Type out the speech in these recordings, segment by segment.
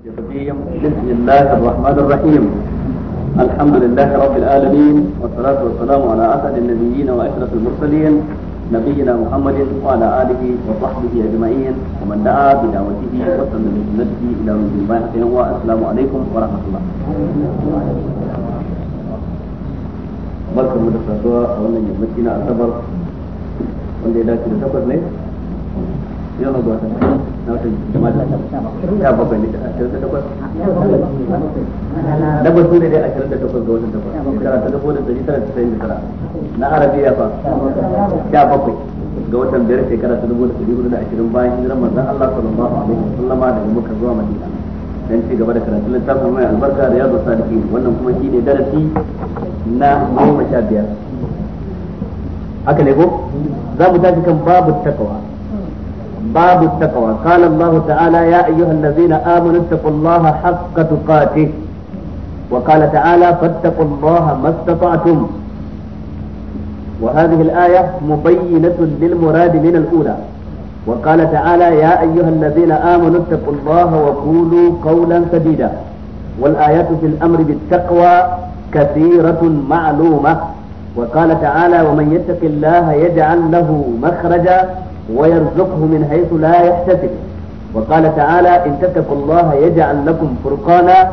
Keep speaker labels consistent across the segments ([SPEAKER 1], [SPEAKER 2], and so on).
[SPEAKER 1] بسم الله الرحمن الرحيم الحمد لله رب العالمين والصلاة والسلام على أسعد النبيين وأشرف المرسلين نبينا محمد وعلى آله وصحبه أجمعين ومن دعا بدعوته وسلم بسنته إلى يوم الدين والسلام عليكم ورحمة الله barkan mu da saduwa a wannan yammaci na asabar wanda ya dace yau ga wata na wata jama'a da ta bakwai ne ashirin da takwas na basu ne dai ashirin da takwas ga watan takwas shekara ta dubu da dari tara da da tara na arabiya fa sha bakwai ga watan biyar shekara ta dubu da dari hudu da ashirin bayan hijiran manzon Allah sallallahu alaihi wasallama daga muka zuwa madina dan ci gaba da karatu littafin mai albarka da yazo salihin wannan kuma shi darasi na goma sha biyar haka ne ko za mu tafi kan babu takawa باب التقوى قال الله تعالى يا أيها الذين آمنوا اتقوا الله حق تقاته وقال تعالى فاتقوا الله ما استطعتم وهذه الآية مبينة للمراد من الأولى وقال تعالى يا أيها الذين آمنوا اتقوا الله وقولوا قولا سديدا والآيات في الأمر بالتقوى كثيرة معلومة وقال تعالى ومن يتق الله يجعل له مخرجا ويرزقه من حيث لا يحتسب وقال تعالى إن تتقوا الله يجعل لكم فرقانا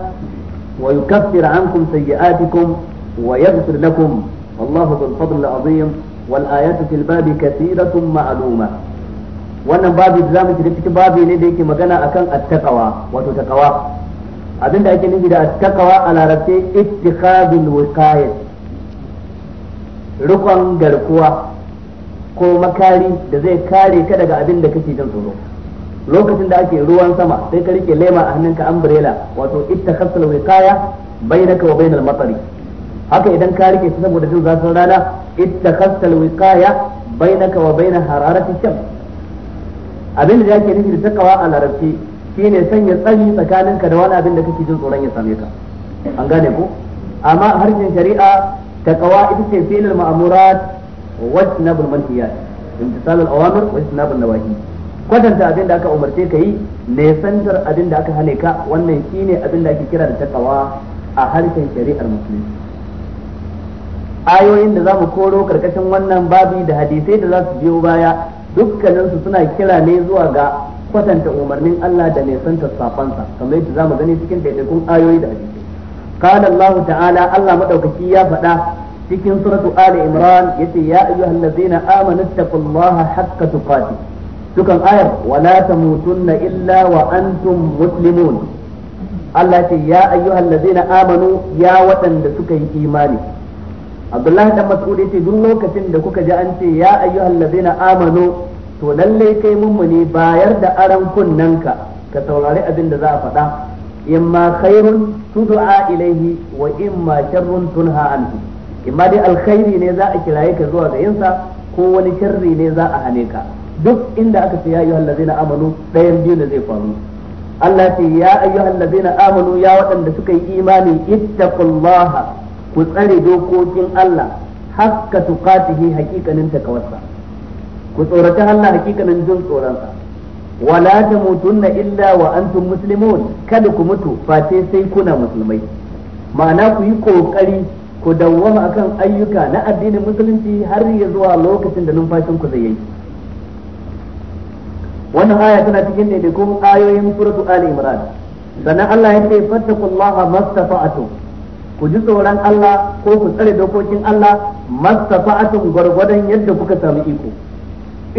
[SPEAKER 1] ويكفر عنكم سيئاتكم ويغفر لكم والله ذو الفضل العظيم والآيات في الباب كثيرة معلومة wannan babu da zamu shiga cikin babu ne da yake magana akan attaqawa wato takawa abinda ake nufi da attaqawa a larabce ittikhadul wiqayat rukun garkuwa ko makari da zai kare ka daga abin da kake jin tsoro lokacin da ake ruwan sama sai ka rike lema a hannunka umbrella wato ittakhasal wiqaya bainaka wa bainal matari haka idan ka rike ta saboda jin zafin rana ittakhasal wiqaya bainaka wa bainal hararati sham abin da yake nufi da takawa a larabci shine sanya tsari tsakaninka da wani abin da kake jin tsoron ya same ka an gane ko amma harshen shari'a takawa ita ce filin ma'amurat واجتناب المنهيات امتثال واجتناب النواهي kwatanta abin da aka umarce ka yi nesantar abin da aka hane ka wannan shine abin da ake kira da takawa a harshen shari'ar musulunci ayoyin da za mu koro karkashin wannan babi da hadisai da za su biyo baya dukkaninsu suna kira ne zuwa ga kwatanta umarnin Allah da nesantar safansa kamar yadda za mu gani cikin daidaikun ayoyi da hadisai قال ta'ala allah الله ya faɗa. cikin suratu ali imran yace ya ayyuhal ladzina amanu taqullaha haqqa tuqati dukan ayar wala tamutunna illa wa antum muslimun Allah ce ya ayyuhal amanu ya waɗanda suka yi imani Abdullahi dan Mas'ud yace duk lokacin da kuka ji an ce ya ayyuhal amanu to lallai kai mummuni bayar da aran kunnanka ka saurari abin da za a faɗa imma khairun tud'a ilaihi wa imma sharrun tunha anhu imma dai alkhairi ne za a kiraye ka zuwa ga yinsa ko wani sharri ne za a hane ka duk inda aka ce ya ayyuhal ladzina amanu dayan biyu ne zai faru Allah ce ya ayyuhal ladzina amanu ya waɗanda suka yi imani ittaqullaha ku tsare dokokin Allah hakka tuqatihi hakikanin takawarsa ku tsorata Allah hakikanin jin tsoronsa wala tamutunna illa wa antum muslimun kada ku mutu face sai kuna musulmai ma'ana ku yi kokari ku dawwama akan ayyuka na addinin musulunci har ya zuwa lokacin da numfashin ku zai yi wannan aya tana cikin ne da kuma ayoyin suratu ali imran sannan Allah ya ce fattakullaha mastafa'atu ku ji tsoron Allah ko ku tsare dokokin Allah mastafa'atu gwargwadon yadda kuka samu iko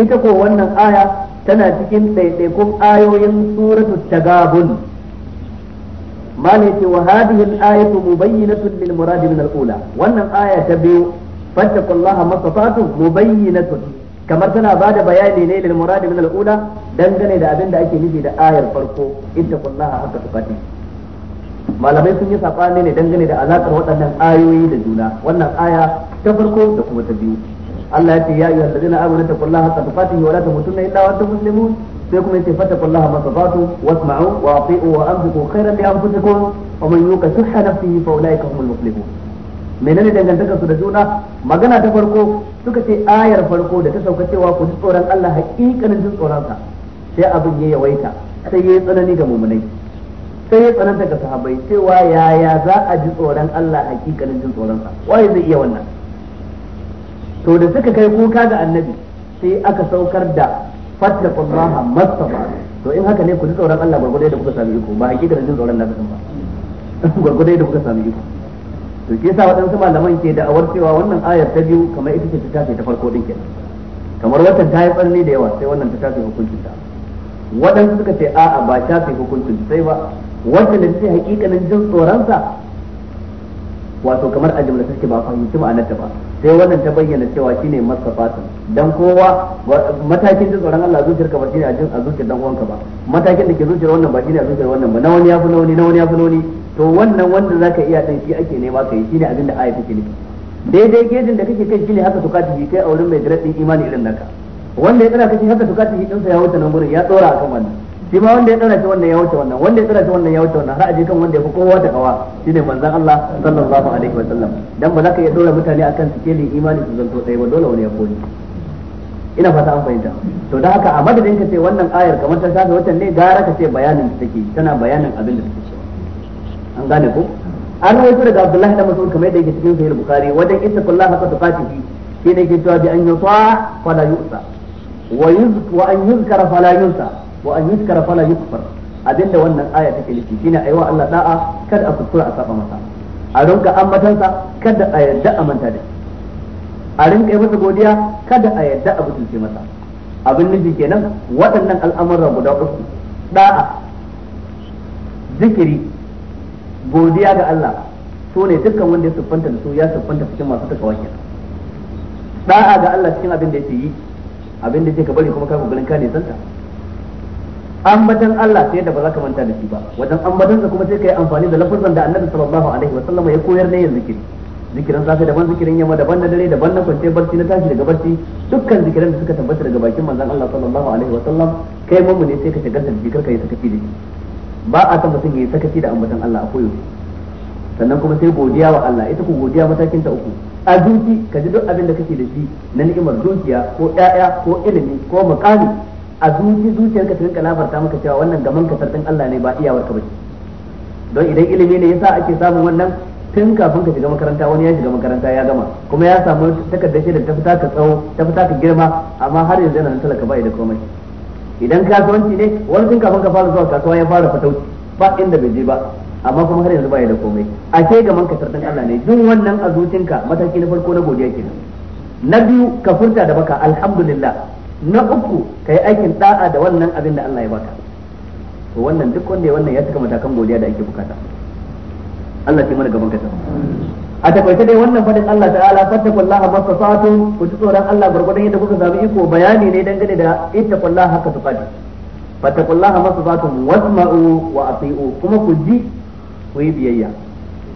[SPEAKER 1] ita ko wannan aya tana cikin ɗaiɗaikun ayoyin suratu tagabun ما نيتي وهذه الآية مبينة للمراد من الأولى وأن wannan تبيو فاتقوا الله ما استطعتم مبينة كما تنا بعد بيان للمراد من الأولى dangane da abin da ake nufi da ayar farko ittaqullaha haqqa tuqatih malamai sun yi sabani ne dangane da alakar waɗannan ayoyi da juna wannan aya ta farko da kuma ta biyu Allah ya ce ya ayyuhal ladina amanu taqullaha haqqa tuqatih wa la tamutunna sai kuma yace fattaqullaha masafatu wasma'u wa ati'u wa anfiqu khairan li anfusikum wa man yuqa shuhha nafsihi fa ulaika humul muflihun menene dangantakar su da juna magana ta farko suka ce ayar farko da ta sauka cewa ku ji tsoron Allah hakikanin jin tsoron sa sai abin ya yawaita sai ya tsanani ga mumunai sai ya tsananta ga sahabbai cewa yaya za a ji tsoron Allah hakikanin jin tsoron sa waye zai iya wannan to da suka kai kuka ga annabi sai aka saukar da fattaqullaha mastafa to in haka ne ku ji tsoron Allah gurgurdai da kuka sami iko ba hakikar jin tsoron nasu ba gurgurdai da kuka sami iko to ke sa waɗansu malaman ke da awar cewa wannan ayar ta biyu kamar ita ce ta tafi ta farko din kenan kamar watan ta yi tsanani da yawa sai wannan ta tafi hukuncin ta waɗansu suka ce a'a ba ta tafi hukuncin sai ba wannan da ce hakikanin jin tsoron sa wato kamar a jimla take ba fahimci ma'anar ta ba sai wannan ta bayyana cewa shine fatan dan kowa matakin da tsoron Allah zuciyar ka ba shine a jin a zuciyar dan uwanka ba matakin da ke zuciyar wannan ba shine a zuciyar wannan ba na wani ya fi na wani na wani ya fi na wani to wannan wanda zaka iya dan shi ake nema kai shine abin da ayatu ke nufi daidai gejin da kake kai shine haka tukati kai a wurin mai gradin imani irin naka wanda ya tsara kake haka tukati din sa ya wuce nan gurin ya tsora akan wannan shi ma wanda ya tsara shi wannan ya wuce wannan wanda ya tsara shi wannan ya wuce wannan har aje kan wanda ya fi kowa ta kawa shine manzon Allah sallallahu alaihi wa sallam dan ba za ka iya dora mutane akan sikelin imani su zanto tsaye ba dole wani ya koyi ina fata an fahimta to da haka a madadin ka ce wannan ayar kamar ta shafe watan ne gara ka ce bayanin da take tana bayanin abin da take an gane ko an wasu daga Abdullahi da Mas'ud kamar yadda yake cikin sahih Bukhari wajen ittaqullaha haqqa tuqatihi shine ke cewa bi an yuta fala yusa wa yuzk wa an yuzkara fala yusa wa an yuskara fala yukfar abinda wannan aya take nufi shine aiwa Allah da'a kada a kuskura a saba masa a rinka ambatansa kada a yarda a manta da a rinka yi masa godiya kada a yarda a butulce masa abin nufi kenan waɗannan al'amuran guda uku da'a zikiri godiya ga Allah so ne dukkan wanda ya siffanta da su ya siffanta cikin masu taka kenan da'a ga Allah cikin abin da yake yi abin da yake ka bari kuma ka kokarin ka ne santa ambatan Allah sai da ba za ka manta da shi ba wajen ambatansa kuma sai kai amfani da lafazan da Annabi sallallahu alaihi wa sallam ya koyar ne yin zikiri zikirin safe daban zikirin yamma daban na dare daban na kwanciyar barci na tashi daga barci dukkan zikiran da suka tabbata daga bakin manzon Allah sallallahu alaihi wa sallam kai mamu ne sai ka shiga da zikir kai sakaci da shi ba a san mutum yayi sakaci da ambatan Allah a koyo sannan kuma sai godiya wa Allah ita ko godiya matakin ta uku a zuci ka ji duk abin da kake da shi na ni'imar dukiya ko ƴaƴa ko ilimi ko makami a zuci zuciyarka ta rinka labarta maka cewa wannan gaman kasar din Allah ne ba iyawar ka ba don idan ilimi ne yasa ake samun wannan tun kafin ka shiga makaranta wani ya shiga makaranta ya gama kuma ya samu takardar shaidar ta fita ka tsawo ta fita ka girma amma har yanzu yana talaka ba da komai idan kasuwanci ne wani tun kafin ka fara zuwa kasuwa ya fara fatauci ba inda bai je ba amma kuma har yanzu ba da komai a ke gaman ka sardan Allah ne duk wannan a zucinka mataki na farko na godiya kenan na biyu ka furta da baka alhamdulillah na uku ka yi aikin da'a da wannan abin da Allah ya baka to wannan duk wanda ya wannan ya cika matakan godiya da ake bukata Allah ce mana gaban kasa a takaice dai wannan fadin Allah ta'ala fattakullaha masasatu ku ci tsoron Allah gurgurdan yadda kuka samu iko bayani ne dangane da ittaqullaha haka tuqati fattakullaha masasatu wasma'u wa ati'u kuma ku ji ku yi biyayya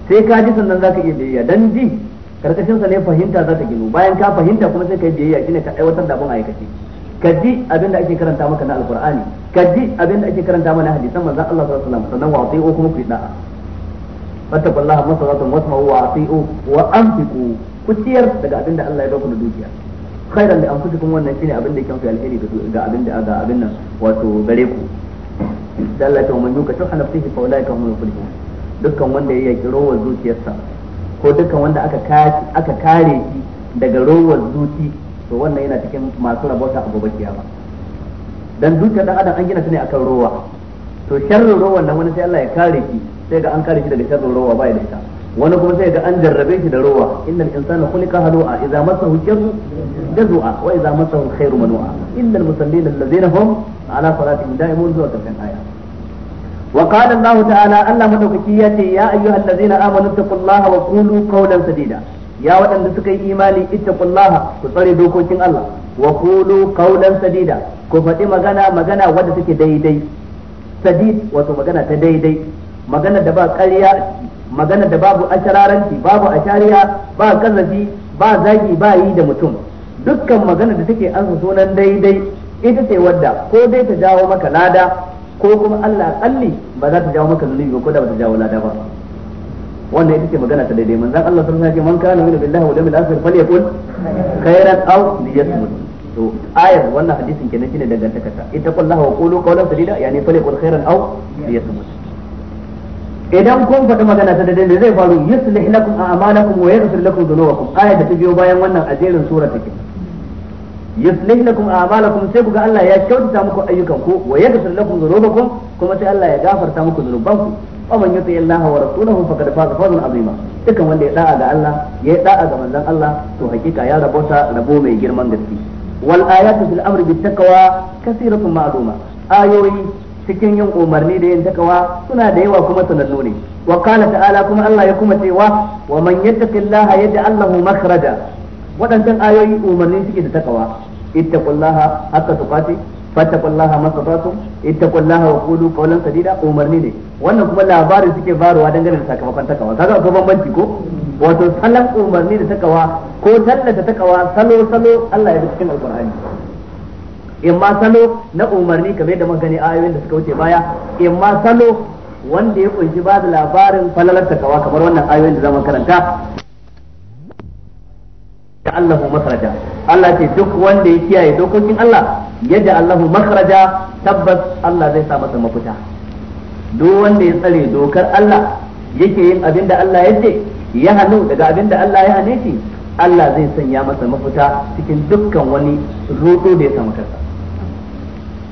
[SPEAKER 1] sai ka ji sannan zaka iya biyayya dan ji karkashin sa ne fahimta za ta gino bayan ka fahimta kuma sai ka yi biyayya shine ka aiwatar da abin aikace kaji abinda abin da ake karanta maka na alqur'ani kaji abinda abin da ake karanta mana hadisan manzon Allah sallallahu alaihi wasallam sannan wa kuma ku yi da'a fattaqullaha masaratan wasma'u wa ati'u wa anfiqu ku ciyar daga abin da Allah ya dauka da dukiya khairan da anfusikum wannan shine abin da yake fi alheri ga abin da ga abin nan wato gare ku da Allah ta umanyu ka tuha nafsihi fa ulai ka humul fulhun dukkan wanda ya yaki rowar zuciyarsa ko dukkan wanda aka aka kare shi daga rowar zuci to wannan yana cikin masu rabota a gobe kiyama dan zuciyar dan adam an gina su ne akan rowa to sharrin rowan nan wani sai Allah ya kare shi, sai ga an kare shi daga sharrin rowa ba ya da ita wani kuma sai ga an jarrabe shi da rowa innal insana khuliqa halu'a idza massahu sharru jazua wa idza massahu khairu manua illal musallin alladhina hum ala salatihim da'imun zuwa karshen aya wa qala Allah ta'ala Allah madaukaki yace ya ayyuhallazina amanu taqullaha wa qulu qawlan sadida ya waɗanda suka yi imani ita kullaha ku tsare dokokin Allah wa kulu kaulan sadida ku faɗi magana magana wadda take daidai sadid wato magana ta daidai magana da ba ƙarya magana da babu ashararanci babu ashariya ba kazafi ba zagi ba yi da mutum dukkan magana da take ansa sunan daidai ita ce wadda ko dai ta jawo maka lada ko kuma Allah kalli ba za ta jawo maka zunubi ko da ba ta jawo lada ba wannan ita ce magana ta daidai manzon Allah sallallahu alaihi wasallam man kana yu'minu billahi wal yawmil akhir falyakun khairan aw liyasmut to ayar wannan hadisin kenan shine dangantakarta ita kullahu wa qulu qawlan sadida yani falyakun khairan aw liyasmut idan kun faɗi magana ta daidai zai faru yuslih lakum a'malakum wa yaghfir lakum dhunubakum ayar da ta biyo bayan wannan ajerin sura take yuslih lakum a'malakum sai kuga Allah ya kyautata muku ayyukan ku wa yaghfir lakum dhunubakum kuma sai Allah ya gafarta muku dhunuban ku wa man yuti Allah wa rasulahu faqad faza fawzan azima dukan wanda ya da'a ga Allah ya da'a ga manzon Allah to hakika ya rabo ta rabo mai girman gaske wal ayatu fil amri bit taqwa kasiratun ma'luma ayoyi cikin yin umarni da yin takawa suna da yawa kuma sanannu ne wa qala ta'ala kuma Allah ya kuma cewa wa man yattaqillaha yaj'al lahu makhraja waɗancan ayoyi umarni suke da takawa ittaqullaha haqqa tuqati fattaqullaha mastata'tum kullaha wa qulu qawlan sadida umarni ne wannan kuma labarin suke barowa dangane da sakamakon takawa kaga akwai bambanci ko wato salon umarni da takawa ko tallata takawa salo salo Allah ya bi cikin alqur'ani in ma salo na umarni kamar da gani ayoyin da suka wuce baya in ma salo wanda ya kunshi ba da labarin falalar takawa kamar wannan ayoyin da zamu karanta ta'allahu makhraja Allah ce duk wanda ya kiyaye dokokin Allah yaja Allahu makhraja tabbas Allah zai sa masa mafita duk wanda ya tsare dokar Allah yake yin abin da Allah ya ce ya hannu daga abin da Allah ya hane shi Allah zai sanya masa mafita cikin dukkan wani rodo da ya samu kansa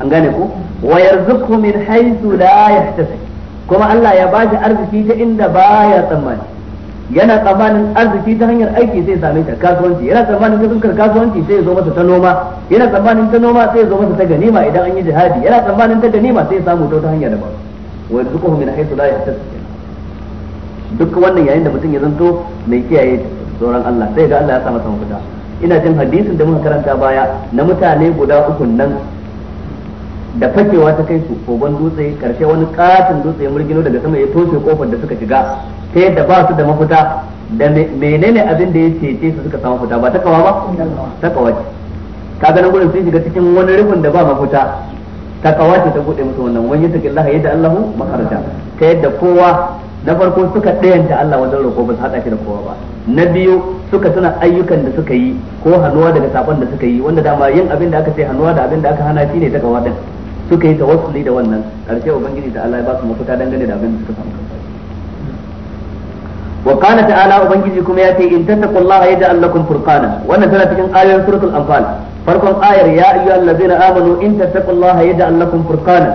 [SPEAKER 1] an gane ko wa yarzuqhu min haythu la yahtasib kuma Allah ya bashi arziki ta inda baya tsammani yana tsammanin arziki ta hanyar aiki sai same ta kasuwanci yana tsammanin kasuwar kasuwanci sai ya zo masa ta noma yana tsammanin ta noma sai ya zo masa ta ganima idan an yi jihadi yana tsammanin ta ganima sai ya samu ta wata hanya daban wa yarzuquhu min haythu la yahtasib duk wannan yayin da mutum ya zanto mai kiyaye tsoron Allah sai ga Allah ya sa masa mafita ina jin hadisin da muka karanta baya na mutane guda uku nan da fakewa ta kai su kogon dutse karshe wani katin dutse ya murgino daga sama ya toshe kofar da suka shiga ta yadda ba su da mafuta da menene abin da ya cece su suka samu fita ba ta kawa ba ta kawa ce ka ga nan gurin sun shiga cikin wani rufin da ba mafuta ta kawa ce ta bude musu wannan wani yadda Allah yadda Allahu makaraja ta yadda kowa na farko suka ɗayanta Allah wajen roƙo ba su haɗa shi da kowa ba na biyu suka tuna ayyukan da suka yi ko hannuwa daga sabon da suka yi wanda dama yin abin da aka ce hannuwa da abin da aka hana shi ne ta kawa din suka yi tawassuli da wannan karshe ubangiji da Allah ya ba su mafuta dangane da abin da suka samu wa kana ta'ala ubangiji kuma ya ce in tattaqullaha yaj'al lakum furqana wannan tana cikin ayoyin suratul anfal farkon ayar ya ayyuhallazina amanu in tattaqullaha yaj'al lakum furqana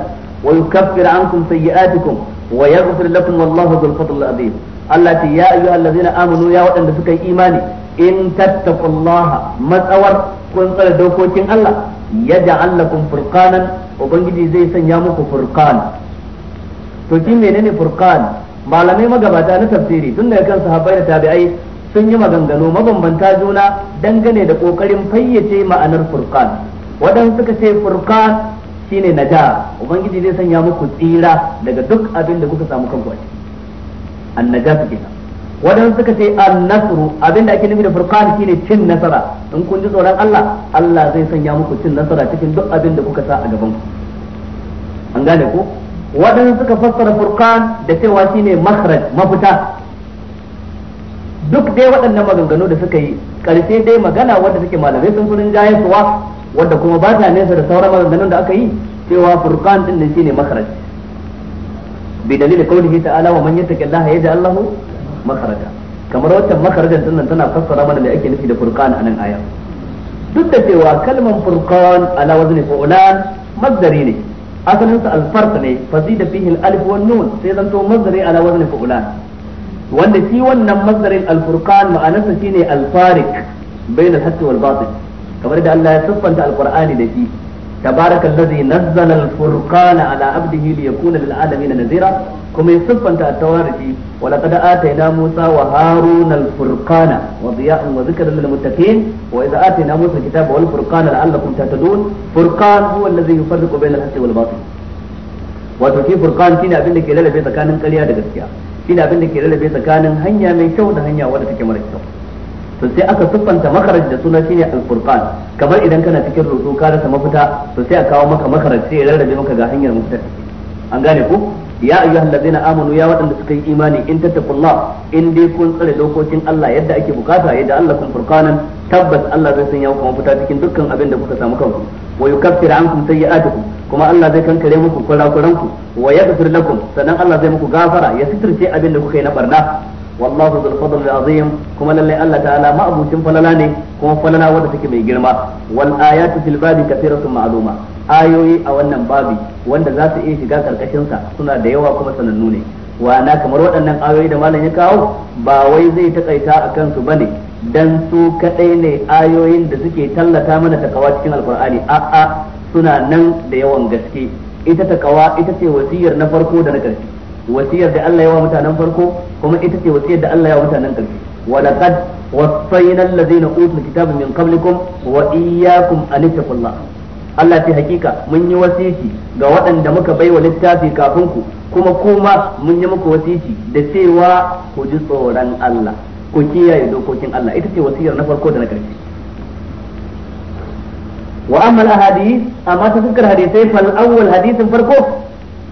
[SPEAKER 1] wa yukaffir ankum sayyi'atikum wa yaghfir lakum wallahu dhul fadl azim Allah ce ya ayyuhallazina amanu ya waɗanda suka yi imani in tattaqullaha matsawar kun tsare dokokin Allah yaj'al lakum furqanan ubangiji zai sanya muku furkana to kin menene furkana. malamai magabata na tafsiri tun daga kan sahabbai da tabi'ai sun yi maganganu mabambanta juna dangane da kokarin fayyace ma'anar furqan waɗansu suka ce furqan shine naja ubangiji zai sanya muku tsira daga duk abin da kuka samu kanku a ciki annajatu kenan waɗansu suka ce annasru abinda ake nufi da furqan shine cin nasara in kun ji tsoron Allah Allah zai sanya muku cin nasara cikin duk abinda kuka sa a gaban ku an gane ko waɗanda suka fassara furkan da cewa shine makhraj mafita duk dai waɗannan maganganu da suka yi ƙarshe dai magana wadda take malamai sun furin jayarsuwa wadda kuma ba ta nesa da sauran maganganun da aka yi cewa furkan din nan shine makhraj bi dalilin kaulihi ta'ala wa man yattaqillaha yaj'al lahu makhraja kamar wacce makharajan din nan tana fassara mana da ake nufi da furqan a nan aya duk da cewa kalmar furqan ala wazni fu'lan mazari ne asalin sa ne ne da fihi alif wan nun sai zanto mazdari ala wazn fulan wanda shi wannan mazdarin alfurqan ma'anarsa shine alfarik bain alhaq wal batil kamar da Allah ya siffanta alqur'ani da shi tabarakallazi nazzala alfurqana ala abdihi liyakuna lil alamin nazira. kuma ya siffanta attawa da shi wa laqad atayna Musa wa Harun al-furqana wa diya'an wa zikran lil muttaqin wa idza atayna Musa kitaba wal furqana la'allakum tahtadun furqan huwa alladhi yufarriqu bayna al-haqqi wal batil wato shi furqan shine abin da ke lalabe tsakanin ƙarya da gaskiya shine abin da ke lalabe tsakanin hanya mai kyau da hanya wadda take mara kyau to sai aka siffanta makaraj da suna shine al-furqan kamar idan kana cikin rudu ka rasa mafita to sai a kawo maka makaraj sai ya rarrabe maka ga hanyar mafita an gane ku. ya ayyuhal ladzina amanu ya waɗanda suka yi imani in tattaqullah in dai kun tsare dokokin Allah yadda ake bukata a yadda Allah kun furqanan tabbas Allah zai sanya ku mafita cikin dukkan abin da kuka samu kanku wa yukaffiru ankum sayyi'atikum kuma Allah zai kankare muku kurakuranku wa yaghfir lakum sannan Allah zai muku gafara ya sitirce da kuka yi na barna wallahu dhul fadl kuma lalle Allah ta'ala ma'abucin falala ne kuma falala wadda take mai girma wal ayatu fil babi kathiratun ma'luma ayoyi a wannan babi wanda za su iya shiga karkashinsa suna da yawa kuma sanannu ne wa na kamar waɗannan ayoyi da malam ya kawo ba wai zai takaita a kansu ba ne dan su kaɗai ne ayoyin da suke tallata mana takawa cikin alkur'ani a'a suna nan da yawan gaske ita takawa ita ce wasiyar na farko da na ƙarshe wasiyar da Allah ya wa mutanen farko kuma ita ce wasiyar da Allah ya wa mutanen ƙarshe walaqad wasayna allazina utul kitaba min qablikum wa iyyakum an tattaqullaha Allah ce hakika mun yi wasiki ga waɗanda muka baiwa littafi kafin ku kuma kuma mun yi muku wasiki da cewa ku ji tsoron Allah ku kiyaye dokokin Allah ita ce wasiyar na farko da na ƙarshe wa amma al amma ta fuskar hadisai fal awwal hadisin farko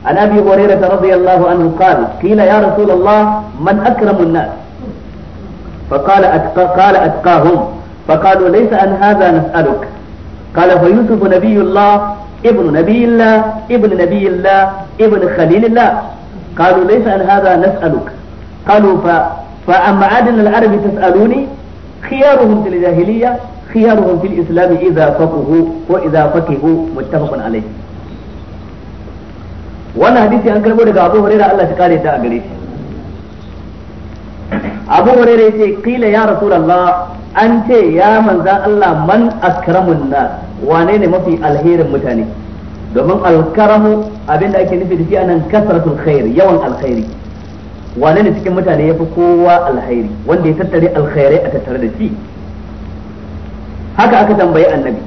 [SPEAKER 1] an abi hurairah radiyallahu anhu qala qila ya rasulullah man akramun nas فقال أتقى قال أتقاهم فقالوا ليس عن هذا نسألك قال فيوسف نبي الله ابن نبي الله ابن نبي الله ابن خليل الله قالوا ليس عن هذا نسألك قالوا ف... فأما عادل العرب تسألوني خيارهم في الجاهلية خيارهم في الإسلام إذا فقهوا وإذا فقهوا متفق عليه وانا حديثي أنكر كربو لك أبو هريرة الله تقالي تا أبو هريرة قيل يا رسول الله an ce ya manzan Allah man akramun na wane ne mafi alherin mutane domin alkaramu abinda ake nufi da shi anan kasratul khair yawan alkhairi wane ne cikin mutane yafi kowa alkhairi wanda ya tattare alkhairai a tattare da shi haka aka tambayi annabi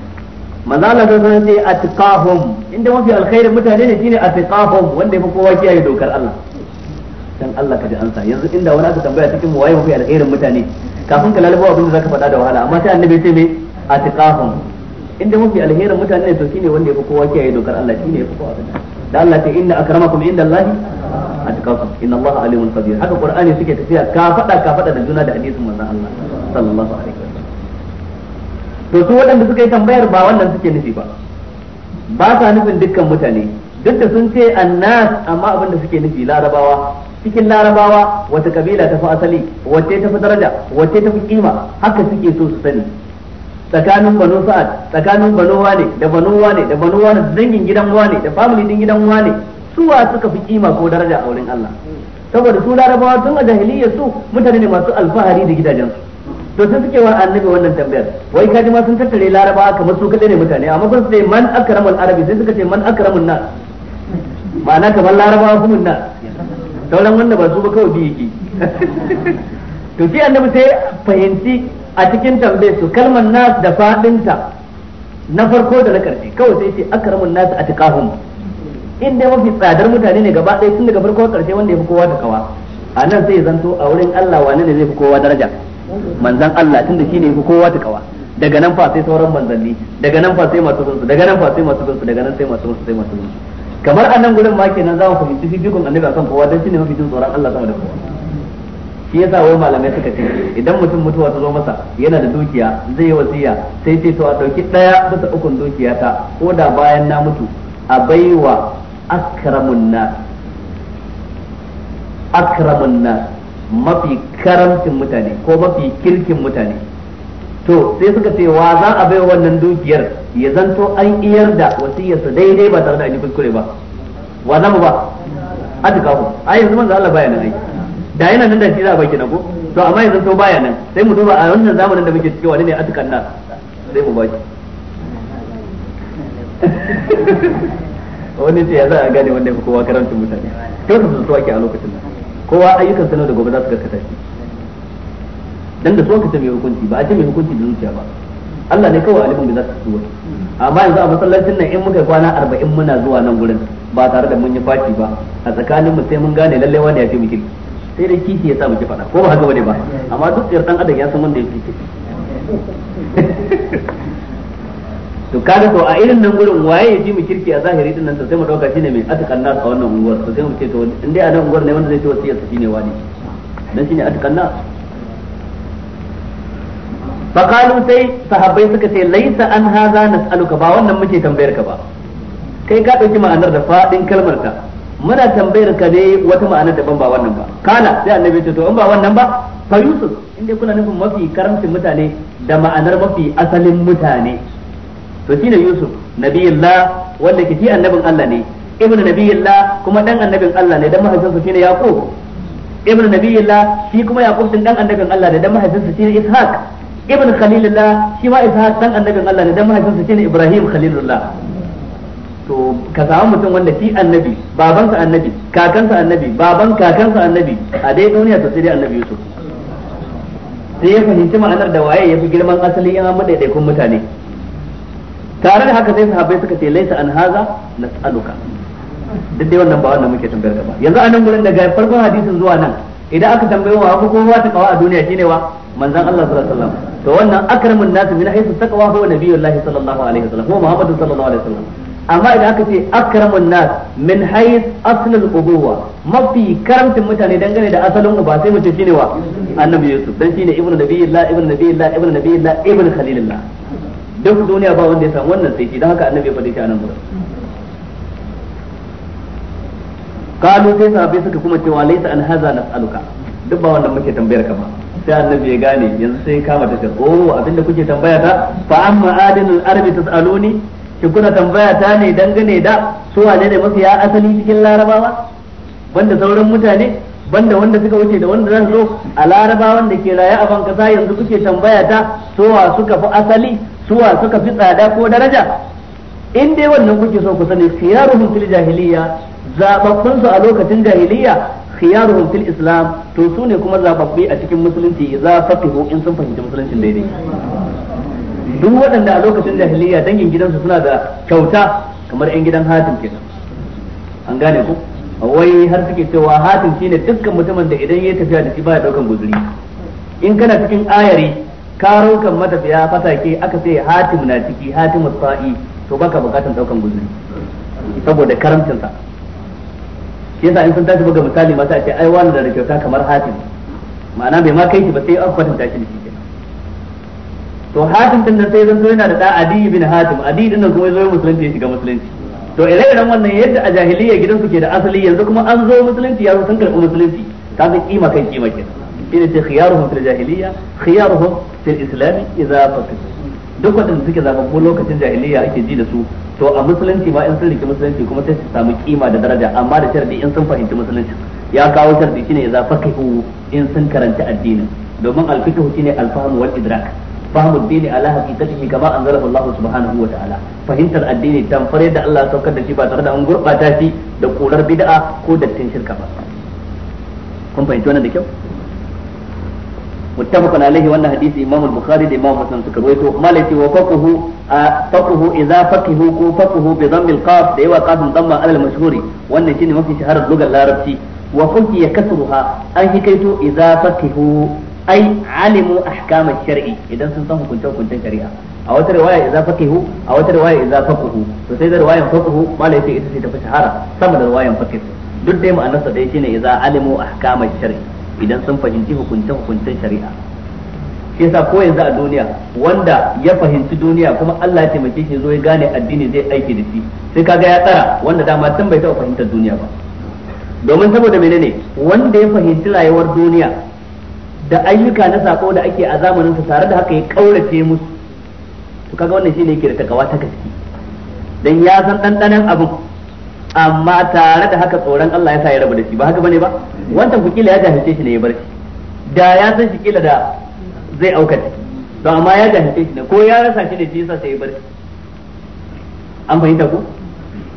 [SPEAKER 1] manzo Allah sai sai ce atqahum inda mafi alkhairin mutane ne shine atqahum wanda yafi kowa kiyaye dokar Allah dan Allah ka ji ansa yanzu inda wani aka tambaya cikin mu waye mafi alkhairin mutane kafin ka lalabo abin da zaka faɗa da wahala amma sai annabi sai me atiqahum inda mafi alherin mutane to shine wanda yafi kowa kiyaye dokar Allah shine yafi kowa da Allah ta inna akramakum inda Allah atqakum inna Allah alimun qadir haka qur'ani suke tafiya ka faɗa ka faɗa da juna da hadisin manzon Allah sallallahu alaihi wasallam to su waɗanda suka yi tambayar ba wannan suke nufi ba ba sa nufin dukkan mutane duk da sun ce annas amma abin da suke nufi larabawa cikin larabawa wata kabila ta fi asali wacce ta fi daraja wacce ta fi kima haka suke so su sani tsakanin banu sa'ad tsakanin banu wane da banu wane da banu wane da dangin gidan wane da family din gidan wane suwa suka fi kima ko daraja a wurin Allah saboda su larabawa tun a jahiliyyar su mutane ne masu alfahari da gidajensu to sai suke wa annabi wannan tambayar wai kaji ma sun tattare larabawa kamar su kadai ne mutane amma kun sai man akramul arabi sai suka ce man nas ma'ana kamar larabawa kuma nas sauran wanda ba su ba kawai biyu ke to shi annabi sai fahimci a cikin tambayar su kalmar nas da fadinta na farko da na karshe kawai sai ce akramun nas a tikahum in dai mafi tsadar mutane ne gaba ɗaya tun daga farko karshe wanda ya fi kowa da kawa a nan sai zanto a wurin Allah wane ne zai fi kowa daraja manzan Allah tun da shi ne ya fi kowa ta kawa daga nan fa sai sauran manzanni daga nan fa sai masu sunsu daga nan fa sai masu sunsu daga nan sai masu sunsu sai masu sunsu kamar anan gurin ma kenan za mu fahimci fifikon annabi akan kowa dan shine mafi jin tsoron Allah sama da kowa shi yasa wai malamai suka ce idan mutum mutuwa ta zo masa yana da dukiya zai yi wasiya sai ce to a dauki daya bisa ukun dukiya ta ko da bayan na mutu a baiwa akramun nas akramun nas mafi karamcin mutane ko mafi kirkin mutane to sai suka ce wa za a baiwa wannan dukiyar ya zanto an iyar da wasiyarsa daidai ba tare da an yi kuskure ba wa zama ba ku a yanzu manzo Allah baya nan ai da yana nan da shi za a baki na ko to amma ya to baya nan sai mu duba a wannan zamanin da muke cikin wani ne atikan nan sai mu baki wani ce ya za a gane wanda ya kowa karancin mutane kyau su zuwa ke a lokacin nan kowa ayyukan sanar da gobe za su karkata shi dan da so ka ce mai hukunci ba a ce mai hukunci da zuciya ba Allah ne kawai alimin da za su ci wata amma yanzu a masallacin nan in muka kwana arba'in muna zuwa nan gurin ba tare da mun yi fashi ba a tsakanin mu sai mun gane lallai wani ya fi mu kirki sai dai kiki ya sa mu ki faɗa ko ba haka bane ba amma duk yar dan adam ya san wanda ya fi to kaga to a irin nan gurin waye ya fi mu kirki a zahiri din nan to sai mu dauka shine mai atakan nas a wannan unguwar to sai mu ce to inda dai a nan unguwar ne wanda zai ce wasiyar shine wani dan shine atakan nas faqalu sai sahabbai suka ce laisa an haza nas'aluka ba wannan muke tambayar ka ba kai ka dauki ma'anar da fadin kalmar ka muna tambayar ka ne wata ma'anar daban ba wannan ba kana sai annabi ce to in ba wannan ba fa yusuf inda kuna nufin mafi karamcin mutane da ma'anar mafi asalin mutane to shine yusuf nabiyullah wanda ke ji annabin Allah ne ibnu nabiyullah kuma dan annabin Allah ne dan mahaifinsa shine yaqub ibnu nabiyullah shi kuma yaqub din dan annabin Allah ne dan mahaifinsa shine ishaq ibn khalilullah shi ma isa dan annabin Allah ne dan mahaifinsa shine ibrahim khalilullah to ka samu mutum wanda shi annabi babansa annabi kakansa annabi baban kakansa annabi a dai duniya to sai dai annabi yusuf sai ya fahimci ma'anar da waye ya fi girman asali yana madaidaikun mutane tare da haka sai sahabbai suka ce laisa an haza nas'aluka duk dai wannan ba wannan muke tambayar ka ba yanzu anan gurin daga farkon hadisin zuwa nan idan aka tambaye wa ko kowa ta kawa a duniya shine wa manzon Allah sallallahu alaihi wasallam to wannan akramun nas min haythu taqwa huwa nabiyullahi sallallahu alaihi wasallam huwa muhammadu sallallahu alaihi wasallam amma idan aka ce akramun nas min hayth aslul ubuwa mafi karamcin mutane dangane da asalin uba sai mu ce shine wa annabi yusuf dan shine ibnu nabiyillah ibnu nabiyillah ibnu nabiyillah ibnu khalilillah duk duniya ba wanda ya samu wannan sai shi dan haka annabi ya faɗi shi a nan gurin kalu sai sahabbai suka kuma cewa laisa an haza nas'aluka duk ba wannan muke tambayar ka ba sai annabi ya gane yanzu sai kama ta oh abinda kuke tambaya ta fa amma adinul arabi tasaluni ki kuna tambaya ta ne dangane da su wane ne mafiya asali cikin larabawa banda sauran mutane banda wanda suka wuce da wanda zan zo a larabawan da ke raye a ban kasa yanzu kuke tambaya ta suwa suka fi asali suwa suka fi tsada ko daraja in dai wannan kuke so ku sani khiyaruhum fil jahiliya zababbun su a lokacin jahiliya khiyaruhum fil islam to sune kuma zababbi a cikin musulunci idza faqihu in sun fahimci musuluncin
[SPEAKER 2] daidai
[SPEAKER 1] duk waɗanda a lokacin jahiliya dangin gidansu suna da kyauta kamar yan gidan hatim kenan an gane ku wai har suke cewa hatim shine dukkan mutumin da idan ya tafiya da shi baya daukan guzuri in kana cikin ayari ka rokan matafiya fatake aka sai hatim na ciki hatimus sa'i to baka bukatan daukan guzuri saboda karamcin shi yasa in sun tashi buga misali ma sai a ce ai wani da kyauta kamar hatim ma'ana bai ma kai shi ba sai an kwatanta shi da shi to hatim din nan sai zan zo yana da da adi bin hatim adi din nan kuma zo musulunci ya shiga musulunci to ire-iren wannan yadda a jahiliya gidan su ke da asali yanzu kuma an zo musulunci ya zo sun karɓi musulunci ta ga kima kan kima kenan ne ce khiyaruhum fil jahiliya khiyaruhum fil islam idza faqih duk wadanda suke zababbu lokacin jahiliya ake ji da su to a musulunci ma in sun riki musulunci kuma sai su samu kima da daraja amma da sharadi in sun fahimci musulunci ya kawo sharadi shine ya zafa fakihu in sun karanta addinin domin alfiqhu shine alfahm wal idrak fahmu addini ala haqiqatihi kama anzalahu Allah subhanahu wa ta'ala fahimtar addini tamfare da Allah saukar da shi ba tare da an gurbata shi da kurar bid'a ko dattin shirka ba kun fahimci wannan da kyau muttafaqun alaihi wannan hadisi imam al-bukhari da imam muslim suka rawaito malai ce wa faqahu faqahu idza faqahu ko faqahu bi dhamm al-qaf da yawa qafin dhamma alal mashhuri wannan shine mafi shaharar lugar larabci wa ya kasruha an hikaito idza faqahu ai alimu ahkam shar'i idan sun san hukunce hukuncen shari'a a wata riwaya idza a wata riwaya idza faqihu da riwayan faqihu malai sai ita ce ta fi shahara sama da duk ma'anar sa dai shine idza alimu ahkam shar'i idan sun fahimci hukunce hukuncen shari'a shi yasa ko yanzu a duniya wanda ya fahimci duniya kuma Allah ya taimake shi zo ya gane addini zai aiki da shi sai kaga ya tsara wanda dama tun bai taɓa fahimtar duniya ba domin saboda menene wanda ya fahimci rayuwar duniya da ayyuka na sako da ake a zamanin sa tare da haka ya kaurace musu to kaga wannan shine yake da takawa ta gaske dan ya san dandanan abin amma tare da haka tsoron Allah ya sa ya rabu da shi ba haka bane ba wancan ku kila ya jahilce shi ne ya bar da ya san shi kila da zai auka ciki to amma ya jahilce shi ne ko ya rasa shi ne shi yasa sai ya bar an fahimta ku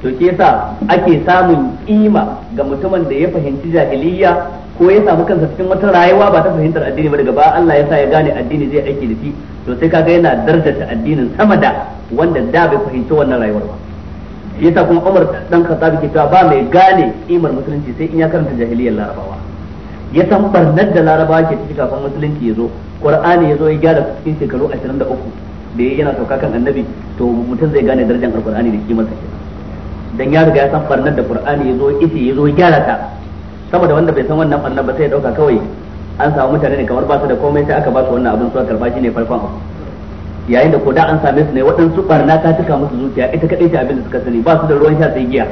[SPEAKER 1] to ke yasa ake samun kima ga mutumin da ya fahimci jahiliyya ko ya samu kansa cikin wata rayuwa ba ta fahimtar addini ba daga ba Allah ya sa ya gane addini zai aiki da shi to sai kaga yana darjata addinin sama da wanda da bai fahimci wannan rayuwar ba yasa kuma Umar dan Khattab ke cewa ba mai gane kimar musulunci sai in ya karanta jahiliyar Larabawa ya san barnar da Larabawa ke ciki kafin musulunci ya zo Qur'ani ya zo ya gyara cikin shekaru 23 da ya yana sauka kan annabi to mutum zai gane darajar Al-Qur'ani da kimar sa dan ya riga ya san barnar da Qur'ani ya zo ita ya zo ya gyara ta sama da wanda bai san wannan barnar ba sai ya dauka kawai an samu mutane ne kamar ba su da komai sai aka ba su wannan abin su karba shi ne farkon abu yayin da ko da an same su ne waɗansu barna ta cika musu zuciya ita kadai ce abin da suka sani ba su da ruwan sha sai giya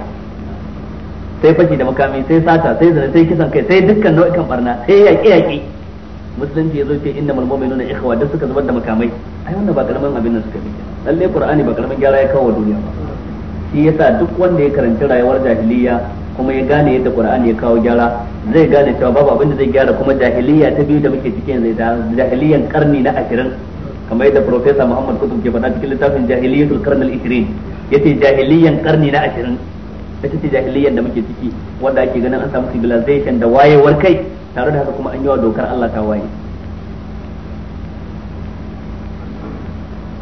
[SPEAKER 1] sai fashi da makami sai sata sai zane sai kisan kai sai dukkan nau'ikan barna sai yaƙi yaƙi musulunci ya zo ce inda malmomi nuna ikhwa duk suka zubar da makamai ai wannan ba karamin abin da suka bi lalle qur'ani ba karamin gyara ya kawo wa duniya ba shi yasa duk wanda ya karanci rayuwar jahiliya kuma ya gane yadda qur'ani ya kawo gyara zai gane cewa babu abin da zai gyara kuma jahiliya ta biyu da muke cikin zai jahiliyan karni na ashirin kamar yadda profesa Muhammad Kutub ke faɗa cikin littafin jahiliyatul karn al-20 yace jahiliyan karni na ashirin ita ce jahiliyan da muke ciki wanda ake ganin an samu civilization da wayewar kai tare da haka kuma an yi wa dokar Allah ta waye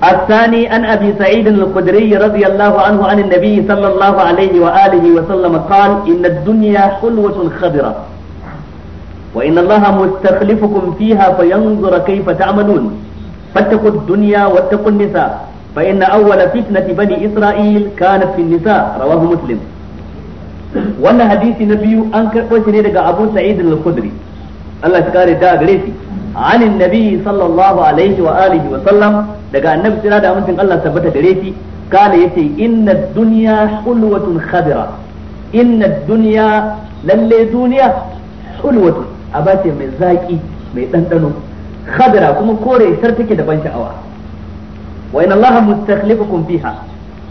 [SPEAKER 1] الثاني عن أبي سعيد الخدري رضي الله عنه عن النبي صلى الله عليه وآله وسلم قال إن الدنيا حلوة خضرة وإن الله مستخلفكم فيها فينظر كيف تعملون فاتقوا الدنيا واتقوا النساء فإن أول فتنة بني إسرائيل كانت في النساء رواه مسلم wannan hadisi na biyu an karɓo shi ne daga Abu Sa'id al-Khudri Allah ya kare da gare shi anin nabi sallallahu alaihi wa wa sallam daga annabi sira da amincin Allah tabbata gare shi kana yace inna duniya hulwatun khadira inna dunya duniya hulwatun abace mai zaƙi mai dandano khadra kuma kore isar take da ban sha'awa wa inna allaha mustakhlifukum fiha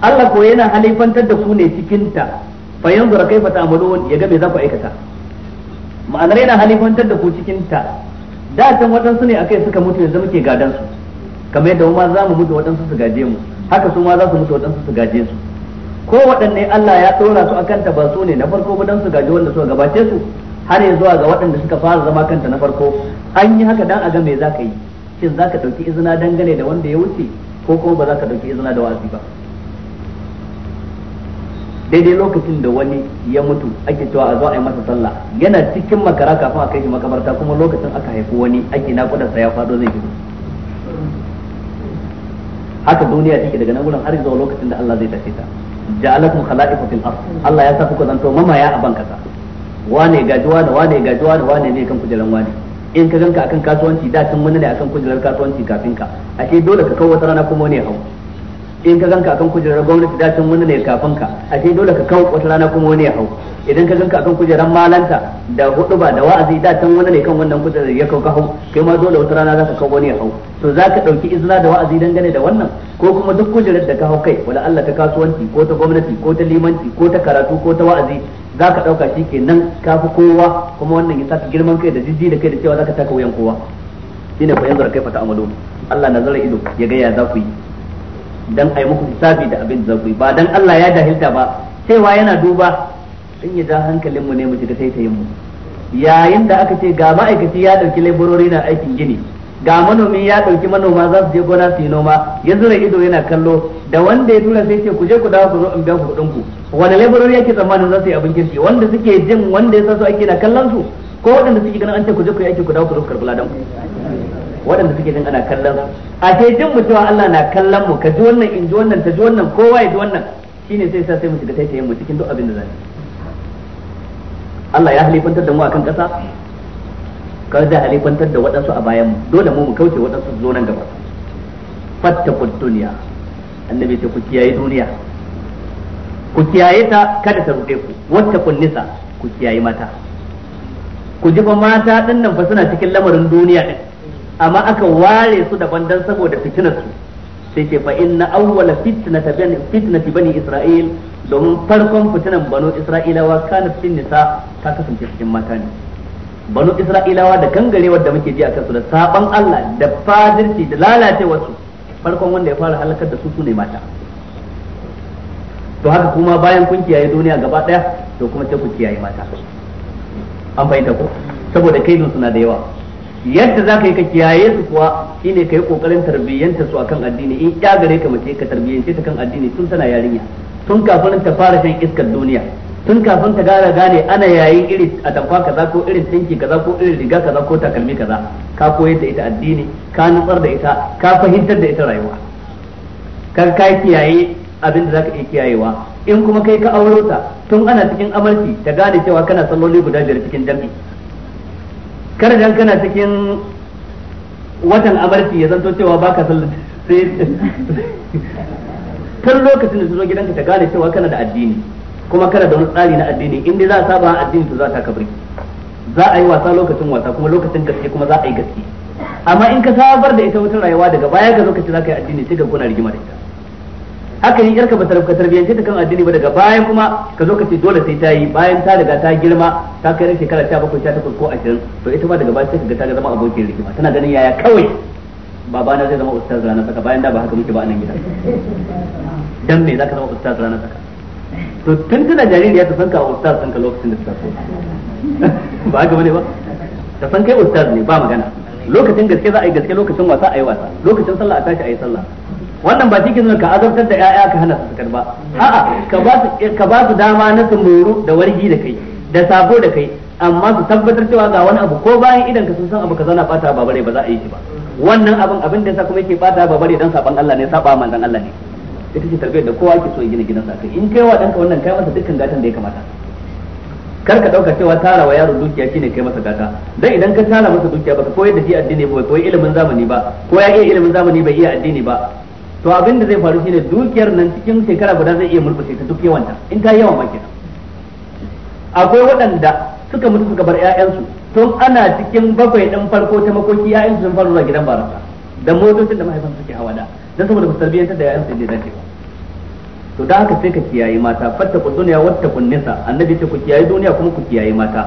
[SPEAKER 1] Allah ko yana halifantar da ku ne cikin ta fa yanzu ra kaifa ta'malun ya ga me za ku aikata ma'anar yana halifantar da ku cikin ta da can wadansu ne akai suka mutu yanzu muke gadan su kamar yadda ma za mu mutu waɗansu su gaje mu haka su ma za su mutu waɗansu su gaje su ko waɗanne Allah ya ɗora su akan ta ba su ne na farko ba dan su gaje wanda suka gabace su har ya zuwa ga waɗanda suka fara zama kanta na farko an yi haka dan a ga me ka yi shin za ka dauki izina dangane da wanda ya wuce ko kuma ba za ka dauki izina da wa'azi ba daidai lokacin da wani ya mutu ake cewa a zo a yi masa sallah yana cikin makara kafin a kai shi makabarta kuma lokacin aka haifi wani ake nakuda sa ya fado zai fito haka duniya take daga nan gurin har zuwa lokacin da Allah zai tafi ta ja'alakum khala'ifa fil ard Allah ya sa ku zanto mamaya a bankasa wane gajuwa da wane gajuwa da wane ne kan kujeran wane in ka ganka akan kasuwanci da can wani ne akan kujerar kasuwanci kafin ka ashe dole ka kawo wata rana kuma ya hau in ka ganka akan kujerar gwamnati da can wani ne kafin ka ashe dole ka kawo wata rana kuma wani ya hau idan ka ganka akan kujerar malanta da huduba da wa'azi da can wani ne kan wannan kujerar ya kauka hau kai ma dole wata rana za ka kawo wani ya hau to za ka ɗauki izina da wa'azi dangane da wannan ko kuma duk kujerar da ka hau kai wala Allah ta kasuwanci ko ta gwamnati ko ta limanci ko ta karatu ko ta wa'azi za ka ɗauka shi ke nan kafi kowa kuma wannan ya saka girman kai da jijji da kai da cewa za ka taka wuyan kowa shi ne bayan zara kai fata amalo Allah na zara ido ya gaya za ku yi dan yi muku hisabi da abin da za ku yi ba dan Allah ya dahilta ba cewa yana duba sun ya ja hankalinmu ne mu shiga sai ta yin mu yayin da aka ce ga ma'aikaci ya ɗauki laborori na aikin gini ga manomi ya ɗauki manoma za su je gona su yi noma ya zura ido yana kallo da wanda ya tura sai ce ku je ku dawo ku zo in biya ku kuɗin ku wani laborori yake tsammanin za su yi abin kirki wanda suke jin wanda ya sa su ake na kallon su ko waɗanda suke ganin an ce ku je ku yi aiki ku dawo ku zo ku karɓi ladan ku waɗanda suke jin ana kallon a ce jin mu cewa Allah na kallon mu ka ji wannan in ji wannan ta ji wannan kowa ya ji wannan shine sai sa sai mu shiga taitayen mu cikin duk abin da za Allah ya halifantar da mu akan ƙasa ka da kwantar da waɗansu a bayan mu dole mu mu kauce waɗansu zo nan gaba fattaqud Duniya, annabi ce ku kiyaye duniya ku kiyaye ta kada ta rufe ku wattaqun nisa ku kiyaye mata ku ji ba mata din nan fa suna cikin lamarin duniya din amma aka ware su daban dan saboda fitinar su sai ce fa inna awwala fitnata bani fitnati bani isra'il domin farkon fitinan banu isra'ilawa kana cikin nisa ta kasance cikin mata ne banu isra'ilawa da kangarewar da muke ji a kansu da saban Allah da fadirci da lalacewar su farkon wanda ya fara halakar da su su ne mata to haka kuma bayan kun kiyaye duniya gaba daya to kuma sai ku kiyaye mata an fahimta ko saboda kaidun suna da yawa yadda za ka yi ka kiyaye su kuwa shine ka yi kokarin tarbiyyanta su akan addini in ya gare ka mace ka tarbiyyance ta kan addini tun tana yarinya tun kafin ta fara shan iskar duniya tun kafin ka gara gane ana yayi irin atamfa kaza ko irin tinki kaza ko irin riga kaza ko takalmi kaza ka koyar da ita addini ka nutsar da ita ka fahimtar da ita rayuwa kar ka kiyaye abin da zaka iya kiyayewa in kuma kai ka auro ta tun ana cikin amarki ta gane cewa kana salloli guda biyar cikin dami kar dan kana cikin watan amarki ya zanto cewa baka sallar sai tun lokacin da zo gidanka ta gane cewa kana da addini kuma kada da wani tsari na addini in dai za a saba addini to za ta kabri za a yi wasa lokacin wasa kuma lokacin gaske kuma za a yi gaske amma in ka sabar da ita wata rayuwa daga baya ga lokacin za ka yi addini sai ka kuna rigima da ita haka yin yarka ba ka tarbiyyance ta kan addini ba daga baya kuma ka zo ka ce dole sai ta yi bayan ta daga ta girma ta kai ran shekara 17 18 ko 20 to ita ma daga baya sai ka ga ta zama abokin rigima tana ganin yaya kawai babana zai zama ustaz ranar saka bayan da ba haka muke ba a nan gida dan me zaka zama ustaz ranar saka to tun tana jaririya ta san ka ustaz san ka lokacin da ta so ba gaba ne ba ta san kai ustaz ne ba magana lokacin gaske za a yi gaske lokacin wasa a yi wasa lokacin sallah a tashi a yi sallah wannan ba cikin ka azabtar da ƴaƴa ka hana su sakar ba a'a ka ba su eh, ka ba su dama na tumuru da wargi da kai da sabo da kai amma su tabbatar cewa ga wani abu ko bayan idan ka sun san abu ka zauna fata ba bare ba za a yi shi ba wannan abin abin da yasa kuma yake fata ba bare dan saban Allah ne saba manzon Allah ne ita ce tarbiyyar da kowa ke so ya gina gidansa sakai in kai wa danka wannan kai masa dukkan gatan da ya kamata kar ka dauka cewa tara wa yaro dukiya shine kai masa gata dan idan ka tara masa dukiya baka koyar da shi addini ba koyi ilimin zamani ba ko ya iya ilimin zamani bai iya addini ba to abin da zai faru shine dukiyar nan cikin shekara guda zai iya murkushe ta duk yawanta in ta yawan ma kenan akwai waɗanda suka mutu suka bar ƴaƴansu tun ana cikin bakwai ɗin farko ta makoki ƴaƴansu sun fara zuwa gidan barasa da motocin da mahaifansu suke hawa da dan saboda ba tarbiyyantar da su inda dace ba to da haka sai ka kiyaye mata ku duniya kun nisa annabi ce ku kiyaye duniya kuma ku kiyaye mata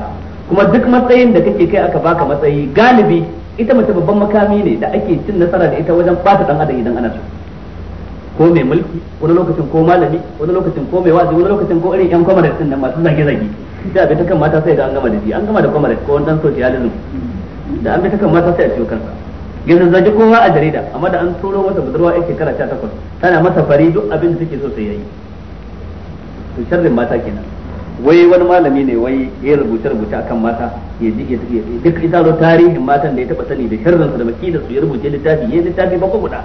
[SPEAKER 1] kuma duk matsayin da kake kai aka baka matsayi galibi ita mace babban makami ne da ake cin nasara da ita wajen bata dan adam idan ana so ko mai mulki wani lokacin ko malami wani lokacin ko mai wazi wani lokacin ko irin yan kwamare din nan masu zage zage da abin ta kan mata sai da an gama da shi an gama da kwamare ko wani dan socialism da an bi ta kan mata sai a ciwo kansa yanzu zaji kowa a jarida amma da an turo masa budurwa yake shekara takwas tana masa fari duk abin da take so sai yayi to sharrin mata kenan wai wani malami ne wai ya rubuce rubuce akan mata ya ji duk ita ro tarihin matan da ya taba sani da sharrin su da makidar su ya rubuce littafi ya littafi ba ko guda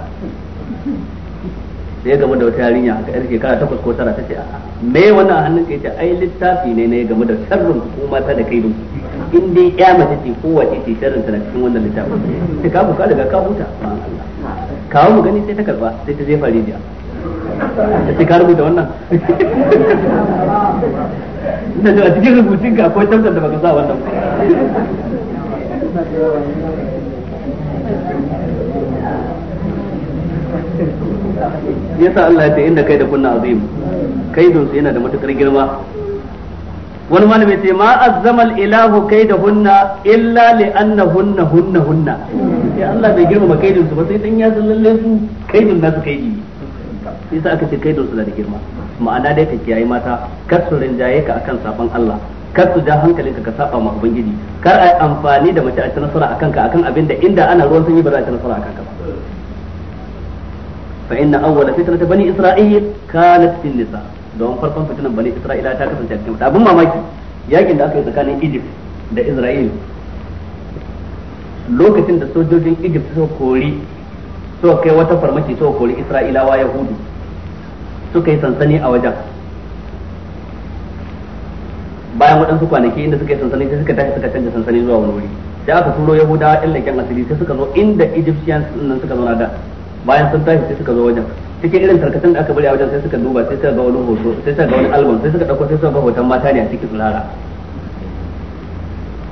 [SPEAKER 1] da ya gamu da wata yarinya haka yar shekara takwas ko tara tace a'a me wannan hannun ka yace ai littafi ne na ya gamu da sharrin ko mata da kai dun in dai ya mace ce ko wace ce sharrin ta na cikin wannan littafin sai ka buka daga ka huta kawo mu gani sai ta karba sai ta jefa rijiya sai ka rubuta wannan
[SPEAKER 2] ina a cikin rubutun ka
[SPEAKER 1] akwai tantar da baka sa wannan ba yasa Allah ya ce inda kai da kunna azim kai su yana da matukar girma wani malami ce ma azzamal ilahu kai da hunna illa li annahunna hunna hunna ya Allah bai girma don su ba sai dan ya san lalle su kaidun nasu ji yasa aka ce don su da girma ma'ana dai ka kiyaye mata kar su rinjaye ka akan sabon Allah kar su ja hankalinka ka saba ma ubangiji kar ai amfani da mace a ci nasara akan ka akan abin da inda ana ruwan sanyi ba za a ci nasara akan ka ba fa inna awwala fitnata bani isra'il kanat fil nisa don farkon fitinan bani isra'ila ta kasance أبو abin mamaki yakin da aka yi tsakanin Egypt da Isra'il lokacin da sojojin Egypt suka kori suka kai wata farmaki suka kori Isra'ilawa Yahudu suka yi sansani a wajen bayan waɗansu kwanaki inda suka yi sansani sai suka tashi suka canza sansani zuwa wani wuri sai aka turo Yahuda ɗin kyan asiri sai suka zo inda Egyptians nan suka zo na da bayan sun tashi sai suka zo wajen cikin irin tarkatan da aka bari a wajen sai suka duba sai suka ga wani hoto sai suka ga wani album sai suka dauko sai suka ga hoton mata ne a cikin tsirara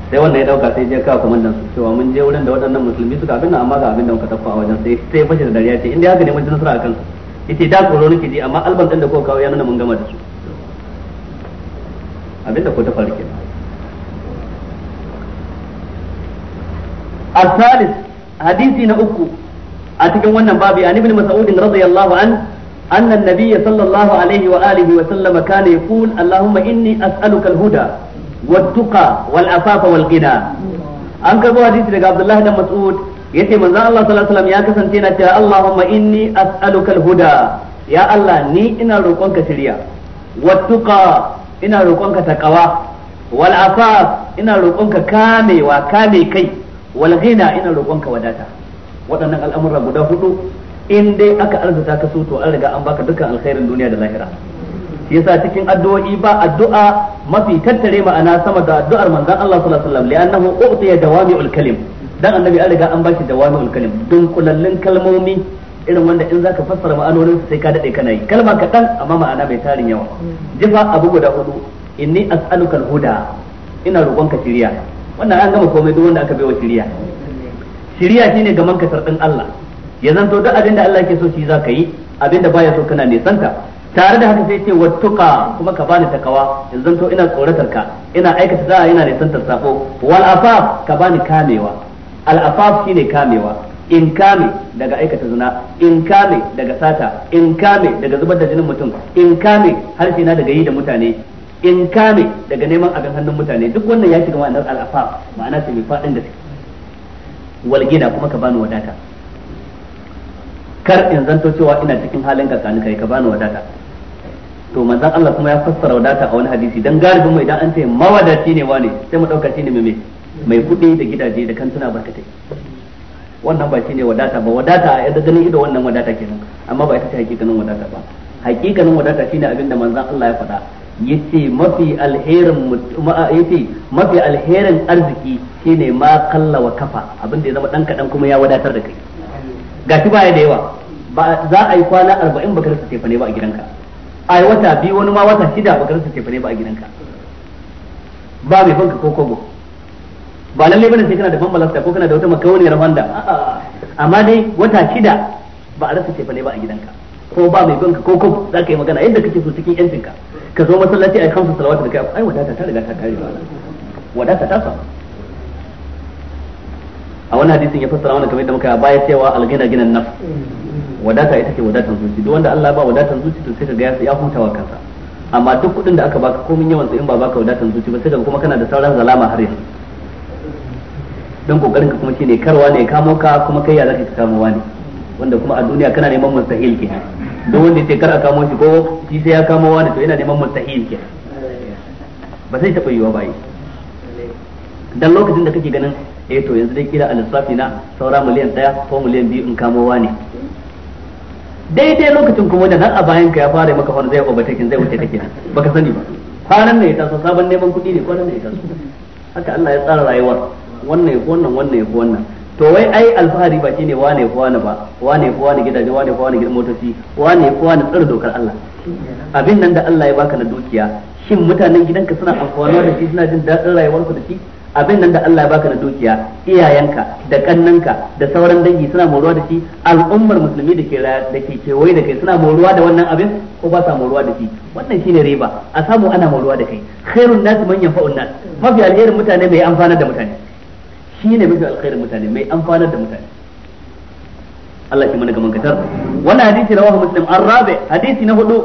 [SPEAKER 1] sai wannan ya dauka sai je kawo komandan su cewa mun je wurin da waɗannan musulmi suka abin nan amma ga abin da muka tafka a wajen sai sai fashe da dariya ce inda haka ne mun ji nasara akan su yace da tsoro nake ji amma album din da kuka kawo ya nuna mun gama da su abin da ko ta faru A الثالث hadisi na uku. a cikin wannan babu an ibn mas'ud radiyallahu an anna an-nabiyya sallallahu alaihi wa alihi wa sallama kana yaqul allahumma inni as'aluka huda wat-tuqa wal an karbo hadisi daga abdullah da mas'ud yace manzo Allah ya kasance yana cewa allahumma inni as'aluka huda ya Allah ni ina roƙonka shari'a wat ina roƙonka taqwa wal-afaf ina roƙonka kame kai wal ina roƙonka wadata waɗannan al'amura guda hudu in dai aka arzuta ka so to an riga an baka dukkan alkhairin duniya da lahira yasa cikin addu'o'i ba addu'a mafi tattare ma'ana sama da addu'ar manzon Allah sallallahu alaihi wasallam li'annahu u'tiya dawami'ul kalim dan annabi an riga an baki dawami'ul kalim kullallin kalmomi irin wanda in zaka fassara ma'anonin sai ka dade kana yi kalma kaɗan amma ma'ana mai tarin yawa jifa abu guda hudu inni as'aluka al-huda ina roƙonka shiriya wannan an gama komai duk wanda aka bai wa shiriya shiriya shine gaman kasar ɗin Allah ya zanto duk abin da Allah ke so shi za ka yi abin da baya so kana nisanta tare da haka sai ce wattuka kuma ka bani takawa ya zanto ina tsoratar ka ina aikata da'a yana nisantar sako wal afaf ka bani kamewa al afaf shine kamewa in kame daga aikata zina in kame daga sata in kame daga zubar da jinin mutum in kame harshe na daga yi da mutane in kame daga neman abin hannun mutane duk wannan ya shiga ma'anar al ma'ana ce mai faɗin da suke. wal gina kuma ka bani wadata kar in zanto cewa ina cikin halin kakani kai ka bani wadata to manzon Allah kuma ya fassara wadata a wani hadisi dan galibin mu idan an ce mawadaci ne wane sai mu dauka ne mai mai kudi da gidaje da kantuna barkatai wannan ba shi ne wadata ba wadata a yadda ganin ido wannan wadata kenan amma ba ita ce hakikanin wadata ba hakikanin wadata shine abin da manzon Allah ya faɗa yace mafi alherin yace mafi alherin arziki shine ma kalla wa kafa abinda ya zama dan kadan kuma ya wadatar da kai gashi ya da yawa ba za a yi kwana 40 baka rasa ne ba a gidanka a yi wata biyu wani ma wata shida baka rasa ne ba a gidanka ba mai fanka ko kogo ba lalle bane sai kana da fambalasta ko kana da wata makauniyar wanda amma dai wata shida ba a rasa ne ba a gidanka ko ba mai fanka ko kogo za ka yi magana yadda kake so cikin yancinka ka zo masallaci ai kamsa salawatu da kai ai wadata ta riga ta kare ba wadata ta samu a wannan hadisin ya fassara wannan kamar yadda muka baya cewa algina ginan naf wadata ita ce wadatan zuci duk wanda Allah ba wadatan zuci to sai ka ga ya hutawa kansa amma duk kudin da aka baka komin yawan in ba baka wadatan zuci ba sai ka kuma kana da sauran zalama har yanzu dan kokarin ka kuma shine karwa ne kamo ka kuma kai ya zaka ka kamo wani wanda kuma a duniya kana neman mustahil kenan duk wanda ce kar a kamo shi ko shi sai ya kamo wani to yana neman mustahil ke ba zai taɓa yiwa ba yi dan lokacin da kake ganin eh to yanzu dai kira al-safi na saura miliyan ɗaya ko miliyan biyu in kamo wani daidai lokacin kuma da nan a bayan ka ya fara maka fara zai obatakin zai wuce take baka sani ba kwanan ne ya taso sabon neman kuɗi ne kwanan ne ya taso haka Allah ya tsara rayuwar wannan ya wannan wannan ya wannan to wai ai alfahari ba shine wane ko wane ba wane ko wane gidaje wane ko wane gidan motoci wane ko wane tsare dokar Allah abin nan da Allah ya baka na dukiya shin mutanen gidanka suna amfani da shi suna jin daɗin ku da shi abin nan da Allah ya baka na dukiya iyayenka da kannanka da sauran dangi suna moruwa da shi al'ummar musulmi da ke da ke kewaye da kai suna moruwa da wannan abin ko ba sa moruwa da shi wannan shine riba a samu ana moruwa da kai khairun nas man yanfa'un nas mafi alherin mutane mai amfana da mutane shine mafi alkhairin mutane mai amfanar da mutane Allah ya mana gaman katar wannan hadisi rawahu muslim ar-rabi hadisi na hudu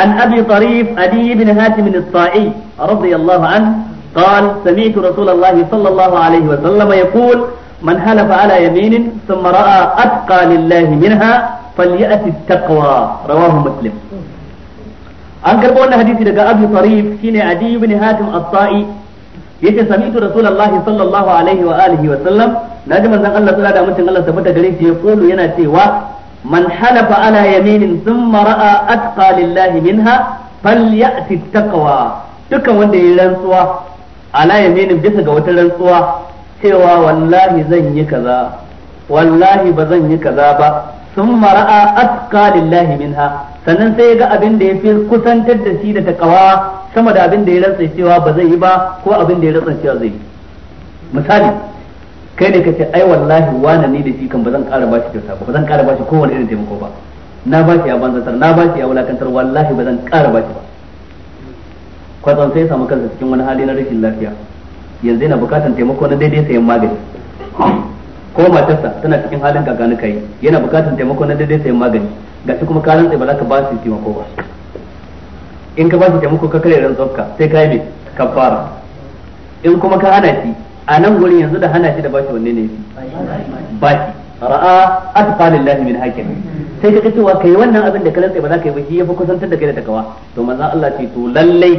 [SPEAKER 1] an abi tarif adi ibn hatim as-sa'i radiyallahu an قال سمعت رسول الله صلى الله عليه وسلم يقول من حلف على يمين ثم رأى أتقى لله منها فليأت التقوى رواه مسلم an karɓo wannan hadisi daga abu tarif shine adi ibn hatim as-sa'i yace sami'tu rasulullahi sallallahu alaihi wa alihi wa sallam naji manzon Allah sallallahu da mutum Allah tabbata gare shi ya kulu yana cewa man halafa ala yaminin thumma ra'a atqa lillahi minha falyati taqwa dukan wanda yayi rantsuwa ala yaminin bisa ga wata rantsuwa cewa wallahi zan yi kaza wallahi ba zan yi kaza ba thumma ra'a atqa lillahi minha sannan sai ya ga abin da ya fi kusantar da shi da takawa sama da abin da ya rantsa cewa ba zai yi ba ko abin da ya rantsa cewa zai yi misali kai ne ka ce ai wallahi wani ne da shi kan ba zan ƙara ba shi kyauta ba ba zan ƙara ba shi kowane irin taimako ba na ba shi ya sar na ba shi ya wulakantar wallahi ba zan ƙara ba shi ba kwatsam sai ya samu kansa cikin wani hali na rashin lafiya yanzu yana bukatan taimako na daidai sayan magani ko matarsa tana cikin halin gagani kai yana bukatar taimako na daidai sayan magani ga shi kuma karanta ba za ka ba su taimako ba in ka ba su taimako ka kare ran tsofka sai ka yi mai kafara in kuma ka hana shi a nan wurin yanzu da hana shi da bashi wanne ne bashi ra'a atqalillahi min hakim sai ka ga cewa kai wannan abin da ka karan ba za ka yi ba shi ya fi kusantar da kai da takawa to manzon Allah ce to lallai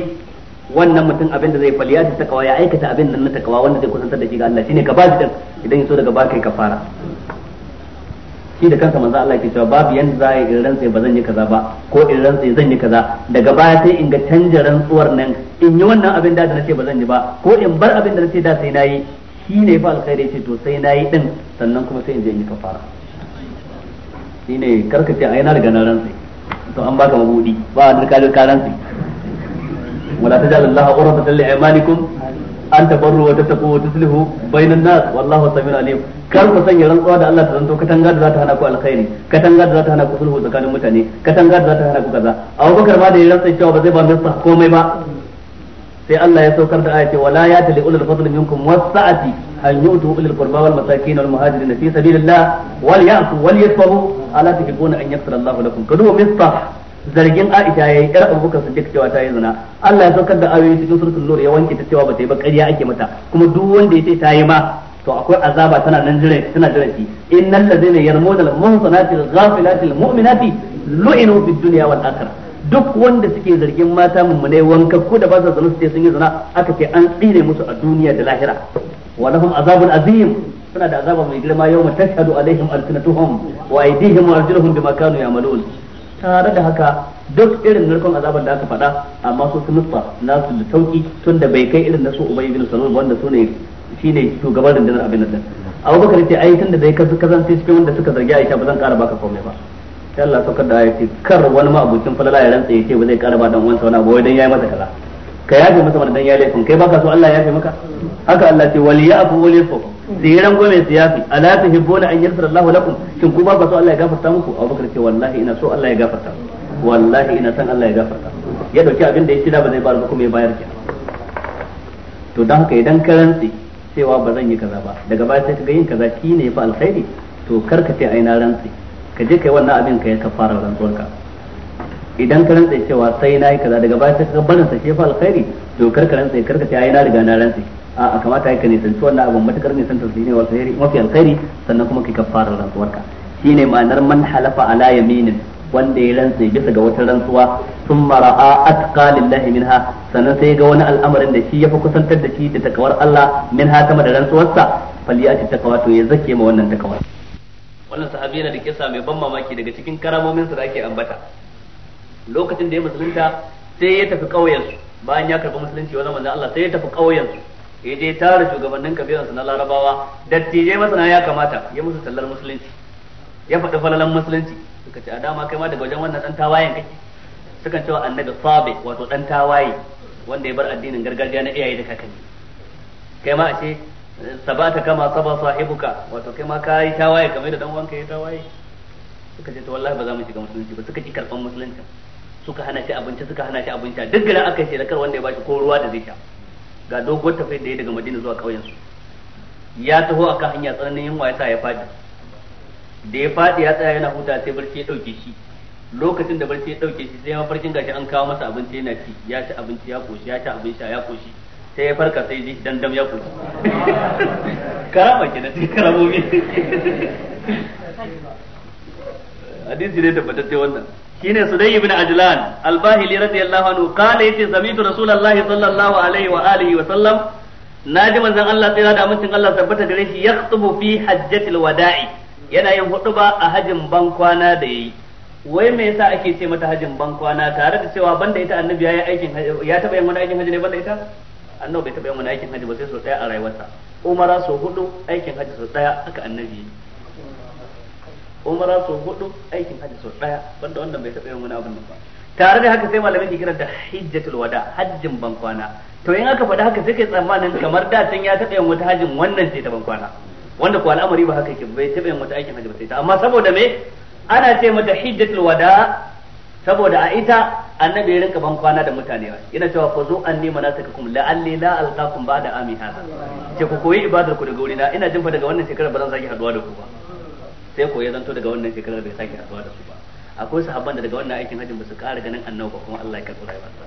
[SPEAKER 1] wannan mutum abin da zai fali ya takawa ya aikata abin nan na takawa wanda zai kusantar da shi ga Allah shine ka ba shi idan ya so daga ba kai kafara shi da kansa manzo Allah ke cewa babu yanda za a yi rantsa ba zan yi kaza ba ko in rantsa zan yi kaza daga baya sai in ga canja rantsuwar nan in yi wannan abin da ce ba zan yi ba ko in bar abin da ce da sai nayi shi ne fa alkhairi ce to sai nayi din sannan kuma sai in je in yi kafara shine karkace ai na riga na rantsa to an baka mabudi ba a dirka dirka ولا تجعل الله غرفة لأيمانكم an tabarru wa tattaqu wa tuslihu bainan nas wallahu samiu alim kar ku sanya rantsuwa da Allah ta zanto katanga da za ta hana ku alkhairi katanga da za ta hana ku sulhu tsakanin mutane katanga da za ta hana ku kaza Abubakar ma da ya rantsa cewa ba zai ba masa komai ba sai Allah ya saukar da ayati wala ya tali ulul fadl minkum wasa'ati an yu'tu ulul qurba wal masakin wal muhajirin fi sabilillah wal ya'fu wal yasfahu ala tuhibuna an yaghfira Allahu lakum kadu mistah zargin Aisha yayi yar Abubakar Siddiq cewa ta yi zina Allah ya saukar da ayoyi cikin suratul Nur ya wanke ta cewa ba ta yi ba ƙarya ake mata kuma duk wanda ya ce ta yi ma to akwai azaba tana nan jira tana jira shi innal ladzina yarmuna al-muhsanati al-ghafilati al-mu'minati lu'inu fid dunya wal akhirah duk wanda suke zargin mata mummune wanka ko da ba su zina su ce sun yi zina aka ce an tsire musu a duniya da lahira wa lahum azabun azim suna da azaba mai girma yau tashhadu alaihim alsinatuhum wa aydihim wa arjuluhum bima kanu ya'malun tare da haka duk irin narkon azaban da aka faɗa amma su sun nutsa na su da sauki tun da bai kai irin na su ubay ibn salul wanda su ne shi shine shugaban rundunar abin nan abubakar ya ce ai tun dai ka kasance cikin wanda suka zargi aisha ba zan ƙara baka komai ba sai Allah saukar da ayati kar wani ma abucin falala ya rantsa ya ce ba zai ƙara ba dan wansa wani abu wai dan yayi masa kaza ka yafe masa wani dan yayi laifin kai baka so Allah ya yafe maka haka Allah ce waliyafu waliyafu su gome rango siyafi ala ta hibbona an yarsar Allah lakum shin kuma ba so Allah ya gafarta muku Abu Bakar ce wallahi ina so Allah ya gafarta wallahi ina san Allah ya gafarta ya dauki abin da ya shida ba zai bayar ba kuma ya bayar ki to dan haka idan ka rantsi cewa ba zan yi kaza ba daga baya sai kaga yin kaza kine ya fa alkhairi to kar ka ce ai na rantsi ka je kai wannan abin ka ya kafara ka. idan ka rantsi cewa sai na yi kaza daga baya sai kaga barin sa shi fa alkhairi to kar ka rantsi kar ka ce ai na riga na rantsi a kamata ka nisanci wannan abin matakar nisan tasiri ne wal khairi mafi alkhairi sannan kuma kai kafarar rantsuwarka shine ma'anar man halafa ala yaminin wanda ya rantsa bisa ga wata rantsuwa sun mara'a atqa lillahi minha sannan sai ga wani al'amarin da shi ya fi kusantar da shi da takawar Allah min ha sama da rantsuwarsa faliyati takawa to ya zake ma wannan takawar wannan sahabi yana da kisa mai ban mamaki daga cikin karamomin su da ake ambata lokacin da ya musulunta sai ya tafi ƙauyensu bayan ya karɓi musulunci wani manzon Allah sai ya tafi ƙauyensu ya je tara shugabannin kabilansu na larabawa dattijai masana ya kamata ya musu tallar musulunci ya faɗi falalan musulunci suka ce a dama kai ma daga wajen wannan ɗan tawayen kake sukan cewa annabi sabe wato ɗan tawaye wanda ya bar addinin gargajiya na iyaye da kakanni kai ma a ce sabata kama saba sahibuka wato kai ma ka yi tawaye kamar da dan wanka ya tawaye suka ce to wallahi ba za mu shiga musulunci ba suka ki karban musulunci suka hana shi abinci suka hana shi abinci duk gara aka ce da kar wanda ya bashi ko ruwa da zai sha ga dogon tafai da ya daga madina zuwa ƙauyen su ya taho akan hanya tsananin yunwa ya sa ya fadi da ya fadi ya tsaya yana huta sai barci ya dauke shi lokacin da barci ya dauke shi sai ya mafarkin gashi an kawo masa abinci yana ci ya ci abinci ya koshi ya ci abin sha ya koshi sai ya farka sai ji dandam ya koshi karama na cikin karamomi hadisi ne tabbatar sai wannan shine Sudayy ibn Ajlan al-Bahili radiyallahu anhu kana yace "Zamitu Rasulullahi sallallahu alaihi wa alihi wa sallam naji manzon Allah tsira da amincin Allah tabbata gare shi yakhutubu fi hajjatil wada'i yana yin hutuba a hajjin bankwana da yayi wai me yasa ake ce mata hajjin bankwana tare da cewa banda ita annabi yayi aikin ya taba yin wani aikin hajji ne banda ita annabi bai taba yin wani aikin hajji ba sai so daya a rayuwarsa umara so hudu aikin hajji so daya aka annabi umara sau hudu aikin hajji sau daya banda wannan bai taɓa yin wani abin nan ba tare da haka sai malamai ke kiranta hijjatul wada hajjin bankwana to in aka faɗi haka sai kai tsammanin kamar da can ya taɓa yin wata hajjin wannan ce ta bankwana wanda ko al'amari ba haka yake bai taɓa yin wata aikin hajji ba sai ta amma saboda me ana ce mata hijjatul wada saboda a ita annabi ya rinka ban kwana da mutane yana cewa fa zo anni manasikakum la'alli la alqakum ba'da ami hada ce ku koyi ibadar ku daga wurina ina jin fa daga wannan shekarar ba zan sake haduwa da ku ba sai ko ya zanto daga wannan shekarar bai sake haɗuwa da su ba akwai sahabban da daga wannan aikin hajjin ba su ƙara ganin annabi ba kuma Allah ya karɓi rayuwarsa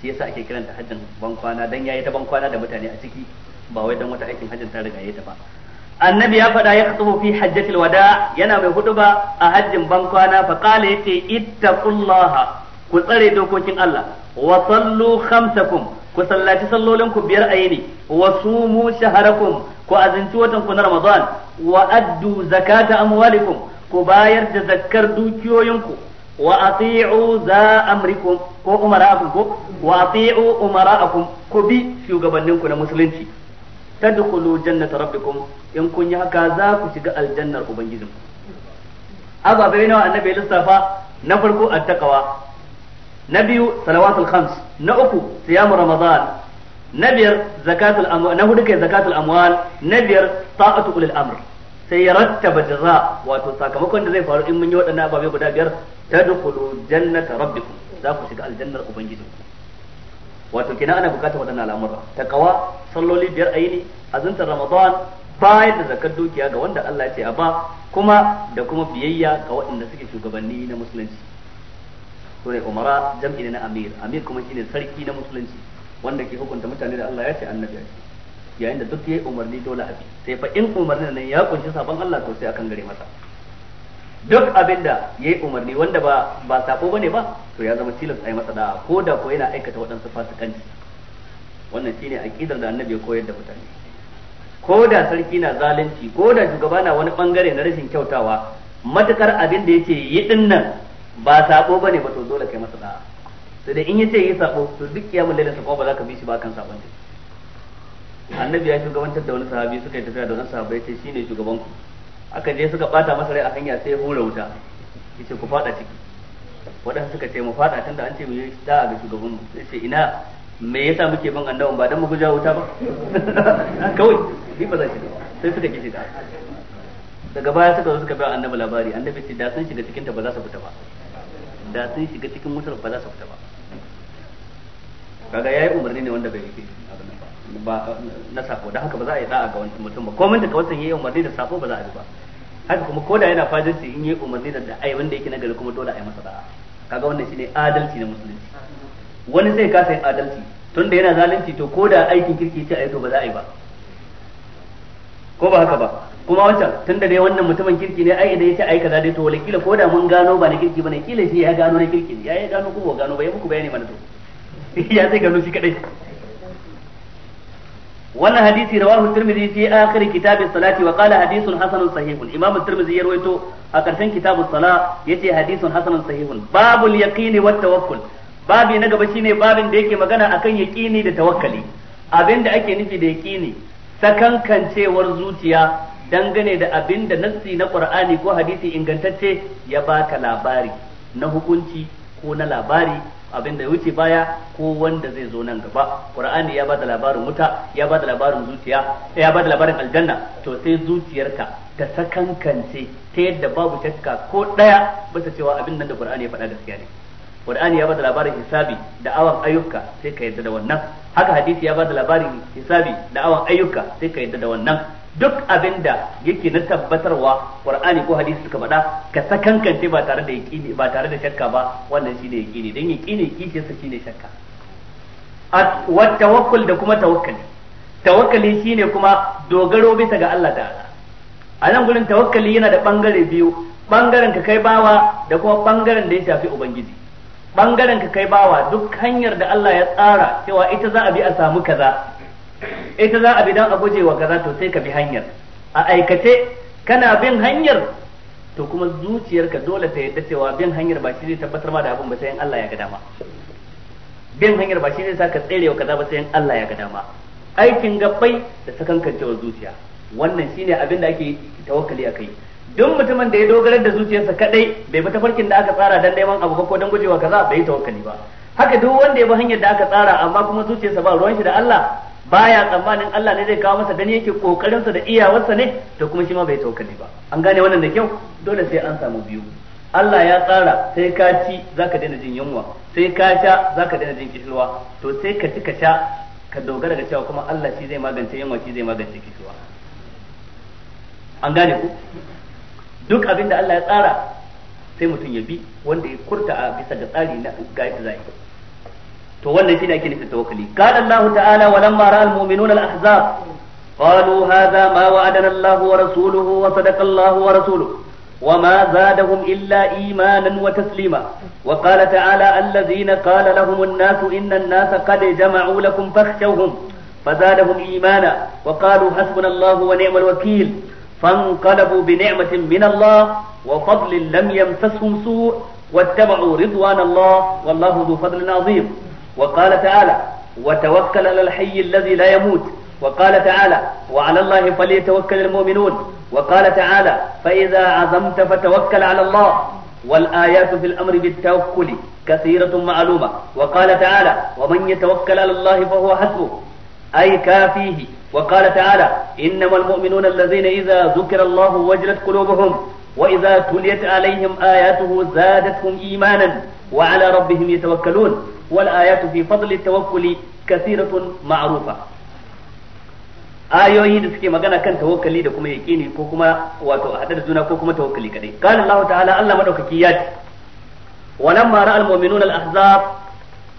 [SPEAKER 1] shi yasa ake kiranta hajjin ban kwana dan yayi ta ban kwana da mutane a ciki ba wai dan wata aikin hajjin ta riga yayi ta ba annabi ya faɗa ya khutubu fi hajjatil wada yana mai huduba a hajjin ban kwana fa qala yace ittaqullaha ku tsare dokokin Allah wa sallu khamsakum ku sallaci sallolin ku biyar a yini wa sumu shaharakum ku azinci watan ku na Ramadan wa addu zakata amwalikum ku bayar da zakkar dukiyoyinku wa ati'u za amrikum ko umara'akum ko wa ati'u umara'akum ku bi shugabanninku na musulunci tadkhulu jannata rabbikum in kun yi haka za ku shiga aljannar ubangijin. ababai nawa annabi lissafa na farko attaqwa na biyu salawatul khams na uku siyamu ramadan na biyar zakatul amwal na hudu kai zakatul amwal na biyar ta'atu ulil amr sai ya rattaba jaza wato sakamakon da zai faru in mun yi waɗannan ababe guda biyar tadkhulu jannata rabbikum za ku shiga aljannar ubangiji wato kina ana bukatar waɗannan al'amura kawa salloli biyar a yini azuntar ramadan bayar da zakar dukiya ga wanda Allah ya ce a ba kuma da kuma biyayya ga waɗanda suke shugabanni na musulunci sune umara jam'i na amir amir kuma shine sarki na musulunci wanda ke hukunta mutane da Allah ya ce annabi ya ce yayin da duk yayi umarni dole a bi sai fa in umarnin nan ya kunshi sabon Allah to sai akan gare masa duk abinda yayi umarni wanda ba ba sako bane ba to ya zama tilas ai masa da ko da ko yana aikata waɗansu fasikanci wannan shine aqidar da annabi ya koyar da mutane ko da sarki na zalunci ko da shugaba na wani bangare na rashin kyautawa matukar abin da yake yi dinnan ba sako bane ba to dole kai masa da'a sai dai in ya ce yi sabo to duk kiyamul lailin sa ba za ka bi shi ba kan sabon ta annabi ya shugabantar da wani sahabi suka yi tafiya da wani sahabi ya ce shine shugaban ku aka je suka bata masa rai a hanya sai ya hura wuta yace ku fada ciki waɗansu suka ce mu fada tunda an ce mu yi da'a ga shugaban mu sai ce ina me yasa muke bin annaban ba dan mu guja wuta ba kawai ni ba zan shiga sai suka kishi da daga baya suka zo suka bayar annabi labari annabi ce da sun shiga cikin ta ba za su fita ba da sun shiga cikin mutar ba za su fita ba kaga yayi umarni ne wanda bai yi ba na sako da haka ba za a yi da'a ga wani mutum ba komai da wata yayi umarni da sako ba za a yi ba haka kuma koda yana fajinci in yayi umarni da ai wanda yake nagari kuma dole a yi masa da'a kaga wannan shine adalci na musulunci wani zai kasa yin adalci tunda yana zalunci to da aikin kirki ce a yi to ba za a yi ba ko ba haka ba kuma wancan tunda dai wannan mutumin kirki ne ai idan ce ai kaza dai to wala kila koda mun gano ba na kirki bane kila shi ya gano na kirki ya gano ko ba gano ba ya muku bayani mana to ya zai gano shi kadai wannan hadisi rawahu tirmidhi fi akhir kitab as-salati wa qala hadithun hasanun sahihun imam tirmidhi ya rawaito a karshen kitab as-sala yace hadithun hasanun sahihun babul yaqini wat tawakkul babu na gaba shine babin da yake magana akan yaqini da tawakkali abinda ake nufi da yaqini sakankancewar zuciya dangane da abinda nassi na qur'ani ko hadisi ingantacce ya baka labari na hukunci ko na labari abin da ya wuce baya ko wanda zai zo nan gaba qur'ani ya bada labarin wuta ya bada labarin zuciya ya bada labarin aljanna to sai zuciyarka ta sakankance ta yadda babu shakka ko daya bata cewa abin nan da qur'ani ya faɗa gaskiya ne qur'ani ya bada labarin hisabi da awan ayyuka sai ka yadda da wannan haka hadisi ya bada labarin hisabi da awan ayyuka sai ka yadda da wannan duk abin da yake na tabbatarwa qur'ani ko hadisi suka faɗa ka sakankance ba tare da yaqini ba tare da shakka ba wannan shine yaqini dan yaqini kike sa shine shakka at wa tawakkul da kuma tawakkali tawakkali shine kuma dogaro bisa ga Allah ta'ala a nan gurin tawakkali yana da bangare biyu bangaren ka kai bawa da kuma bangaren da ya shafi ubangiji bangaren ka kai bawa duk hanyar da Allah ya tsara cewa ita za a bi a samu kaza ita za a bi dan a guje wa kaza to sai ka bi hanyar a aikace kana bin hanyar to kuma zuciyarka dole ta yadda cewa bin hanyar ba shi zai tabbatar ma da abin ba sai in Allah ya ga dama bin hanyar ba shi zai saka tserewa kaza ba sai in Allah ya ga dama aikin gabbai da cewa zuciya wannan shine abin da ake tawakkali akai duk mutumin da ya dogara da zuciyarsa kadai bai bi tafarkin da aka tsara dan neman abu ba ko dan gujewa kaza bai tawakkali ba haka duk wanda ya bi hanyar da aka tsara amma kuma zuciyarsa ba ruwan shi da Allah baya tsammanin Allah ne zai kawo masa gani yake kokarin sa da iyawarsa ne to kuma shi ma bai tawakkali ba an gane wannan da kyau dole sai an samu biyu Allah ya tsara sai ka ci zaka daina jin yunwa sai ka sha zaka daina jin kishirwa to sai ka ci ka sha ka dogara ga cewa kuma Allah shi zai magance yunwa shi zai magance kishirwa an gane ku duk abin da Allah ya tsara sai mutum ya bi wanda ya kurta a bisa ga tsari na ga yadda zai to wannan shine ake nufin tawakkali qala Allah ta'ala wa lamma ra'a al-mu'minuna al-ahzab qalu hadha ma wa'adana Allah wa rasuluhu wa sadaqa Allah wa rasuluhu وما زادهم إلا إيمانا وتسليما وقال تعالى الذين قال لهم الناس إن الناس قد جمعوا لكم فاخشوهم فزادهم إيمانا وقالوا حسبنا الله ونعم الوكيل فانقلبوا بنعمة من الله وفضل لم يمسسهم سوء واتبعوا رضوان الله والله ذو فضل عظيم وقال تعالى وتوكل على الحي الذي لا يموت وقال تعالى وعلى الله فليتوكل المؤمنون وقال تعالى فإذا عزمت فتوكل على الله والآيات في الأمر بالتوكل كثيرة معلومة وقال تعالى ومن يتوكل على الله فهو حسبه أي كافيه وقال تعالى إنما المؤمنون الذين إذا ذكر الله وجلت قلوبهم وإذا تليت عليهم آياته زادتهم إيمانا وعلى ربهم يتوكلون والآيات في فضل التوكل كثيرة معروفة ayoyi da suke magana kan tawakkali da kuma yaqini ko kuma wato a da juna ko kuma tawakkali kadai qala Allah ta'ala Allah madaukaki ya ce walamma ra'al mu'minuna al-ahzab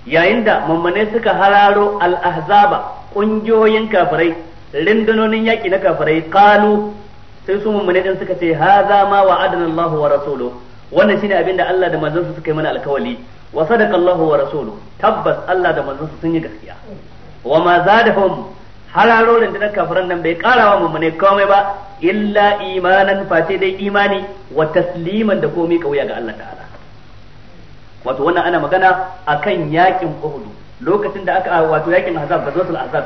[SPEAKER 1] yayin da mummune suka hararo al-ahzaba kungiyoyin kafirai rindunonin yaki na kafirai qalu sai su mummune dan suka ce hadha ma wa'adana Allah wa rasuluhu wannan shine abin da Allah da manzansa suka yi mana alkawali wa sadaqa Allahu wa rasuluhu tabbas Allah da manzansa sun yi gaskiya wa ma zadahum hararo da kafiran nan bai karawa mummune komai ba illa imanan face dai imani wa tasliman da komai kauya ga Allah ta'ala wato wannan ana magana akan yakin Uhud lokacin da aka wato yakin Ahzab gazotul Ahzab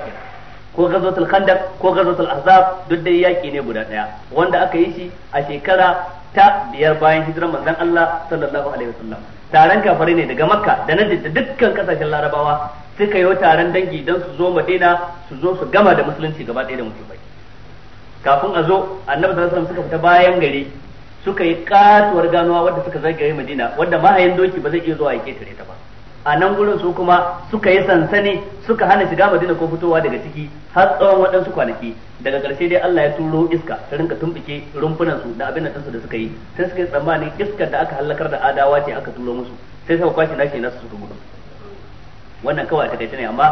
[SPEAKER 1] ko gazotul Khandaq ko Ahzab duk dai yaki ne guda daya wanda aka yi shi a shekara ta biyar bayan hijirar manzon Allah sallallahu alaihi wasallam taron kafare ne daga Makka da nan da dukkan kasashen Larabawa suka yi taron dangi dan su zo Madina su zo su gama da musulunci gaba ɗaya da musulmai kafin a zo Annabi sallallahu alaihi wasallam suka fita bayan gari suka yi katuwar ganuwa wadda suka zagaye Madina wadda mahayin doki ba zai iya zuwa ya ketare ta ba a nan gurin su kuma suka yi sansani suka hana shiga Madina ko fitowa daga ciki har tsawon waɗansu kwanaki daga ƙarshe dai Allah ya turo iska ta rinka tumbike rumfunan su da abin da da suka yi sai suka yi tsammanin iskar da aka halakar da adawa ce aka turo musu sai suka kwashi nashi nasu suka gudu wannan kawai ta ne amma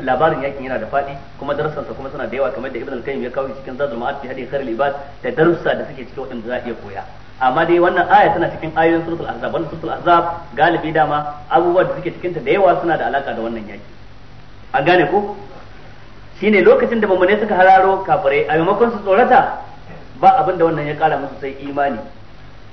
[SPEAKER 1] labarin yakin yana da faɗi kuma darussansa kuma suna da yawa kamar da Ibn al-Qayyim ya kawo cikin Zadul Ma'ad fi Hadith Kharil Ibad da darussa da suke cikin waɗanda za a iya koya amma dai wannan aya tana cikin ayoyin suratul ahzab wannan suratul ahzab galibi dama abubuwan da suke cikin ta da yawa suna da alaka da wannan yaki an gane ko shine lokacin da mamane suka hararo kafirai a maimakon su tsorata ba abin da wannan ya kara musu sai imani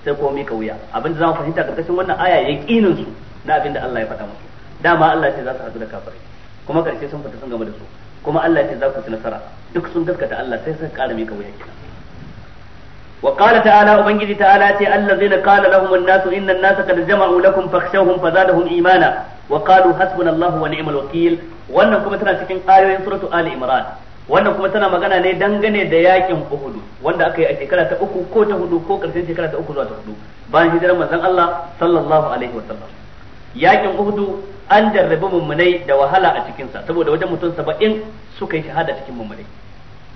[SPEAKER 1] sai kuma mika wuya abin da zamu fahimta karkashin wannan aya yaqinin su na abin da Allah ya faɗa musu dama Allah ce za su haɗu da kafirai kuma karshe sun fita sun gama da su kuma Allah ce za ku ci nasara duk sun gaskata Allah sai suka kara mika wuya kenan wa qala ta'ala ubangiji ta'ala ce allazina qala lahum an-nasu inna an-nasa qad jama'u lakum fakhshawhum fazadahum imana wa qalu hasbunallahu wa ni'mal wakeel wannan kuma tana cikin ayoyin suratu ali imran wannan kuma tana magana ne dangane da yakin Uhud wanda aka yi a shekara ta uku ko ta hudu ko karshen shekara ta uku zuwa ta hudu bayan hijirar manzon Allah sallallahu alaihi wa sallam yakin Uhud an jarrabi mummunai da wahala a cikin sa saboda wajen mutum 70 suka yi shahada cikin mummunai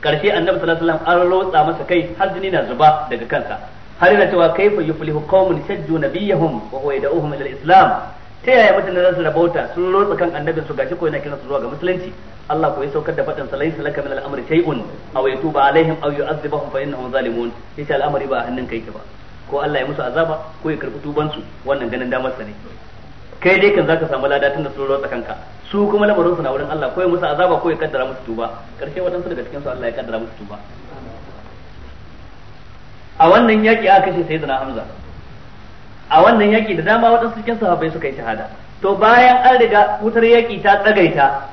[SPEAKER 1] karshe annabi sallallahu alaihi wasallam an rotsa masa kai har jini na zuba daga kansa har yana cewa kaifa yuflihu qaumun shajju nabiyyahum wa huwa yad'uhum ila al-islam ta yaya mutane za su rabauta sun rotsa kan annabinsu su gashi ko yana kiran su zuwa ga musulunci Allah ko ya saukar da fadin sa laysa laka min al-amri shay'un aw yatuba alaihim aw yu'adzibahum fa innahum zalimun yace al'amari ba hannun kai ba ko Allah ya musu azaba ko ya karbi tuban su wannan ganin damar sa ne kai dai kan zaka samu ladatin da sun rotsa kanka su kuma lamarin su na wurin Allah ko ya musu azaba ko ya kaddara musu tuba karshe wadansu daga cikin su Allah ya kaddara musu tuba a wannan yaki aka kashe sayyidina Hamza a wannan yaki da dama waɗansu cikin sahabbai suka yi shahada to bayan an riga wutar yaki ta tsagaita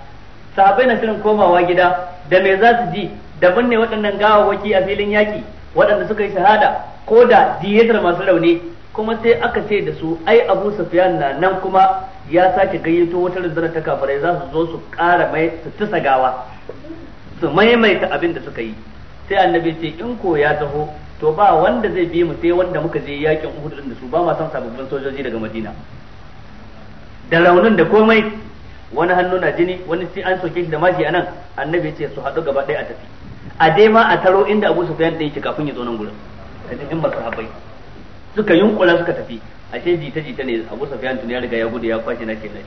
[SPEAKER 1] sahabbai na shirin komawa gida da me za su ji da binne waɗannan gawawwaki a filin yaki waɗanda suka yi shahada ko da diyatar masu rauni kuma sai aka ce da su ai Abu Sufyan na nan kuma ya sake gayyato wutar rundunar ta kafirai za su zo su ƙara mai su tisa gawa su maimaita abin da suka yi sai annabi ce in ko ya taho to ba wanda zai bi mu sai wanda muka je yakin Uhud din da su ba ma san sababbin sojoji daga Madina da raunin da komai wani hannu na jini wani sai an soke shi da maji anan annabi ya ce su haɗu gaba ɗaya a tafi a dai ma a taro inda Abu Sufyan ɗin yake kafin ya zo nan gurin a cikin masahabbai suka yunkula suka tafi ashe jita jita ne Abu Sufyan tun ya riga ya gudu ya kwashe na kenan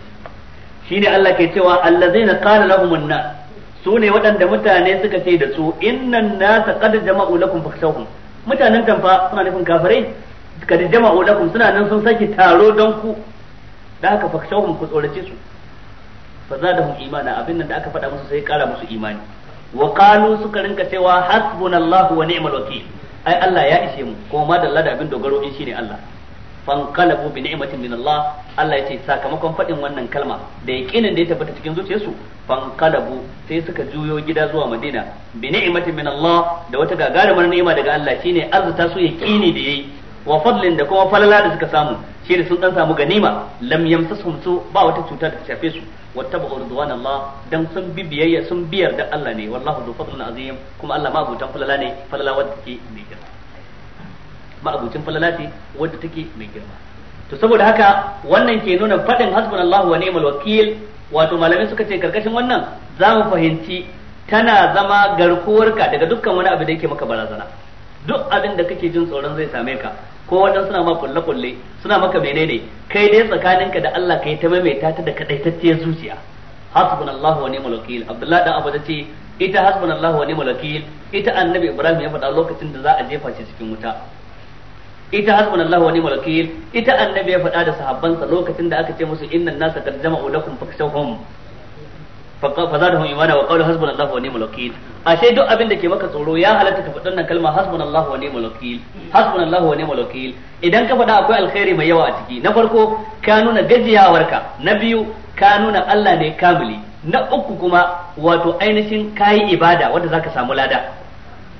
[SPEAKER 1] Shi ne Allah ke cewa allazina qala lahumun nas su ne waɗanda mutane suka ce da su innan nasa qad jama'u lakum fakhshawhum mutanen kan suna nufin kafirai kad jama'u lakum suna nan sun sake taro don ku da haka fakshawhum ku tsorace su fa zadahum imana abin nan da aka faɗa musu sai kara musu imani wa qalu suka rinka cewa hasbunallahu wa ni'mal wakeel ai Allah ya ishe mu kuma ma dalla da abin dogaro in shine Allah fanqalabu bi ni'matin min Allah Allah yace sakamakon fadin wannan kalma da yaqinin da ya tabbata cikin zuciyarsu fanqalabu sai suka juyo gida zuwa Madina bi ni'matin min Allah da wata gagarumar ni'ima daga Allah shine arzuta su yaqini da yayi wa fadlin da kuma falala da suka samu shine sun dan samu ganima lam yamsasuhum su ba wata cuta da ta shafe su wattabu ridwan Allah dan sun bi biyayya sun biyar da Allah ne wallahu dhu fadlin azim kuma Allah ma abutan falala ne falala wadda ke mai ma'abucin falala ce wadda take mai girma to saboda haka wannan ke nuna fadin hasbunallahu wa ni'mal wakil wato malamai suka ce karkashin wannan za mu fahimci tana zama garkuwar ka daga dukkan wani abu da yake maka barazana duk abin da kake jin tsoron zai same ka ko wadan suna ma kulle kulle suna maka menene kai dai tsakaninka da Allah kai ta maimaita ta da kadaitacciyar zuciya hasbunallahu wa ni'mal wakil abdullahi dan abu ce ita hasbunallahu wa ni'mal wakil ita annabi ibrahim ya faɗa lokacin da za a jefa shi cikin wuta ita hasbunallahu wa ni'mal wakil ita annabi ya faɗa da sahabbansa lokacin da aka ce musu innan nasa qad jama'u lakum fakshawhum fazadahum imana wa qalu hasbunallahu wa ni'mal wakil ashe duk abin da ke maka tsoro ya halatta ka faɗa wannan kalma hasbunallahu wa ni'mal wakil hasbunallahu wa ni'mal wakil idan ka faɗa akwai alkhairi mai yawa a ciki na farko ka nuna gajiyawarka na biyu ka nuna Allah ne kamili na uku kuma wato ainihin kayi ibada wanda zaka samu lada